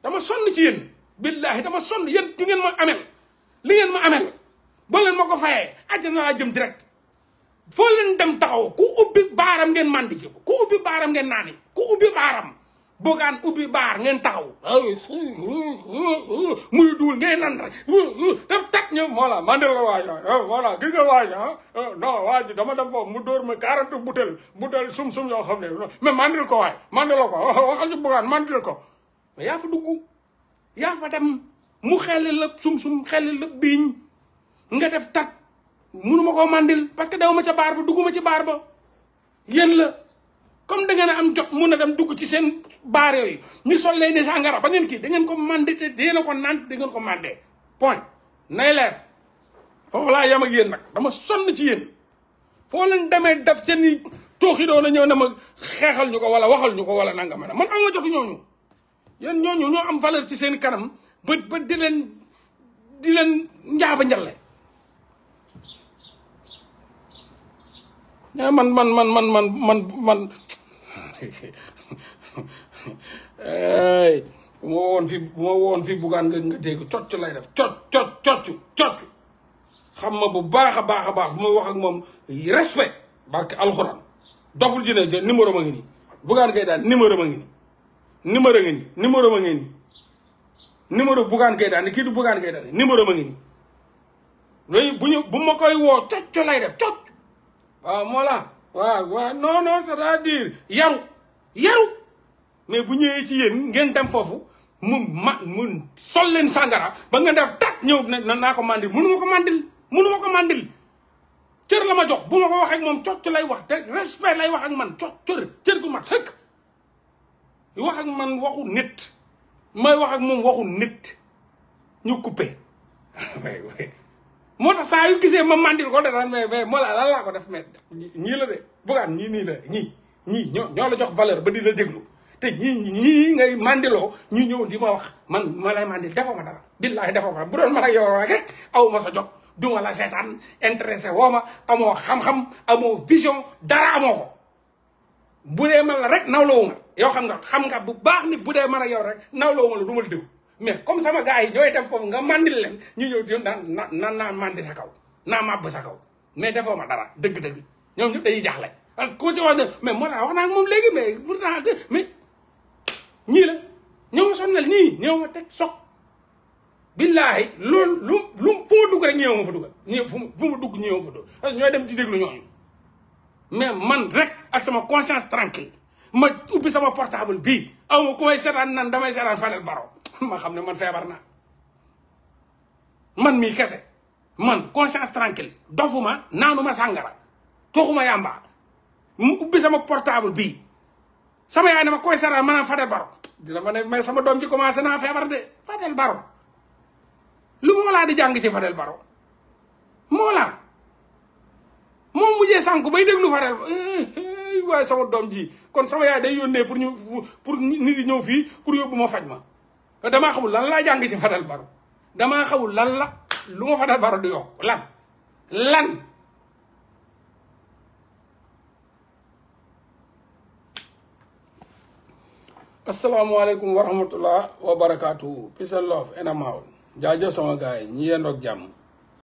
dama sonn ci yéen billaahi dama sonn yéen du ngeen ma amel li ngeen ma amel boo leen ma ko fayee àjjana jëm direct foo leen dem taxaw ku ubbi baaram ngeen mandi ji ku ubbi baaram ngeen naani ku ubbi baaram Bougane ubbi baar ngeen taxaw muy duul ngay nan rek daf tag ñëw voilà man de la waaj ah, voilà gi nga waaj ah, ah non waaj dama dem foofu mu dóor ma quarante butel butel sum-sum yoo xam ne mais mandil ko waay mandil ko waxal ci Bougane mandil ko mais yaa fa dugg yaa fa dem mu xelli la sum-sum xelli la biiñ nga def tag mënuma koo mandil parce que daw ma ca baar ba dugguma ci baar ba yéen la comme da ngeen a am jot mun a dem dugg ci seen baar yooyu ñu sol leen ni sàngara ba ngeen kii da ngeen ko mandé te da ngeen ko naan da ngeen ko mandé point nay leer foofu laa yem ak yéen nag dama sonn ci yéen foo leen demee def seen i tooxi doon na ñëw na ma xeexal ñu ko wala waxal ñu ko wala nanga ma ne man am nga jotu ñooñu yéen ñooñu ñoo am valeur ci seen kanam ba ba di leen di leen njaaba njalle eh, man man man man man man man ey bu fi bu ma fi buggaan nga nga dégg cocc lay def cocc cocc cocc cocc xam ma bu baax a baax a wax ak moom respect barke alxuraan doful ji ne te numéro ma ngi nii buggaan kay daal numéro ma ngi nii numéro ngi nii numéro ma ngi nii numéro buggaan kay daal ni kii du buggaan kay daal numéro ma ngi nii loolu bu ñu bu ma koy woo cocc lay def cocc waaw moo la waaw non non c'est-à-dire yaru yaru mais bu ñëwee ci yéen ngeen dem foofu mu ma mu sol leen sàngara ba nga def tat ñëw na naa ko mandil mënu ma ko mandil mënu ma ko mandil cër la ma jox bu ma ko wax ak moom cocc lay wax te respect lay wax ak man cocc cër cër gu mat sëkk wax ak man waxu nit may wax ak moom waxu nit ñu kuppe moo tax saa yu gisee ma mandil ko de mais moo laa lan laa ko def mais ñii la de bugaan ñii nii la ñii ñi ñoo la jox valeur ba di la déglu te ñi ñi ngay mandilo ñi ñew di ma wax man ma lay mandil defoo dara billahi defoo bu doon ma nak yow rek aw ma sa jot duma la seetaan intéressé woo ma xam-xam amo vision dara amo ko bu dé man la rek nawloowu ma yow xam nga xam nga bu baax ni bu dé man yow rek nawloowu ma la du ma la mais comme sama gaay yi def fofu nga mandil leen ñi ñew di na na mandi sa kaw na màbb sa kaw mais defoo dara dëgg-dëgg ñom ñu dañuy jaxlay parce que ku ci wax ne mais moo tax wax naa moom léegi mais pourtant que mais ñii la ñëw ma sonnal ñii ñëw ma teg soq. billaahi loolu lu lu fu ma dugg rek ñëw ma fa dugg ñëw fu ma dugg ñëw ma fa dugg parce que ñooy dem di déglu ñooñu mais man rek ak sama conscience tranquille ma ubbi sama portable bii aw ma ku may seetaan nan damay seetaan Fadel Barro ma xam ne man feebar naa man mii kese man conscience tranquille dofuma naanuma sàngara toxuma yàmbaa mu ubbi sama portable bi, sama yaay dama koy sara ma Fadel Baro dina mané ne mais sama dom ji commencé na feebar de Fadel Baro lu mo la di jang ci Fadel Baro mo la mo mujjé sanku bay déglu Fadel eh, eh, way sama dom ji kon sama yaay day yónnee pour ñu pour nit ñi ñëw fi pour yóbbu ma faj ma xamul lan la jang ci Fadel Baro dama xamul lan la lu Fadel Baro du yokk lan lan asalaamualeykum wa rahmatullah wa barakaatu peace and love and am out jaajëf sama gars jàmm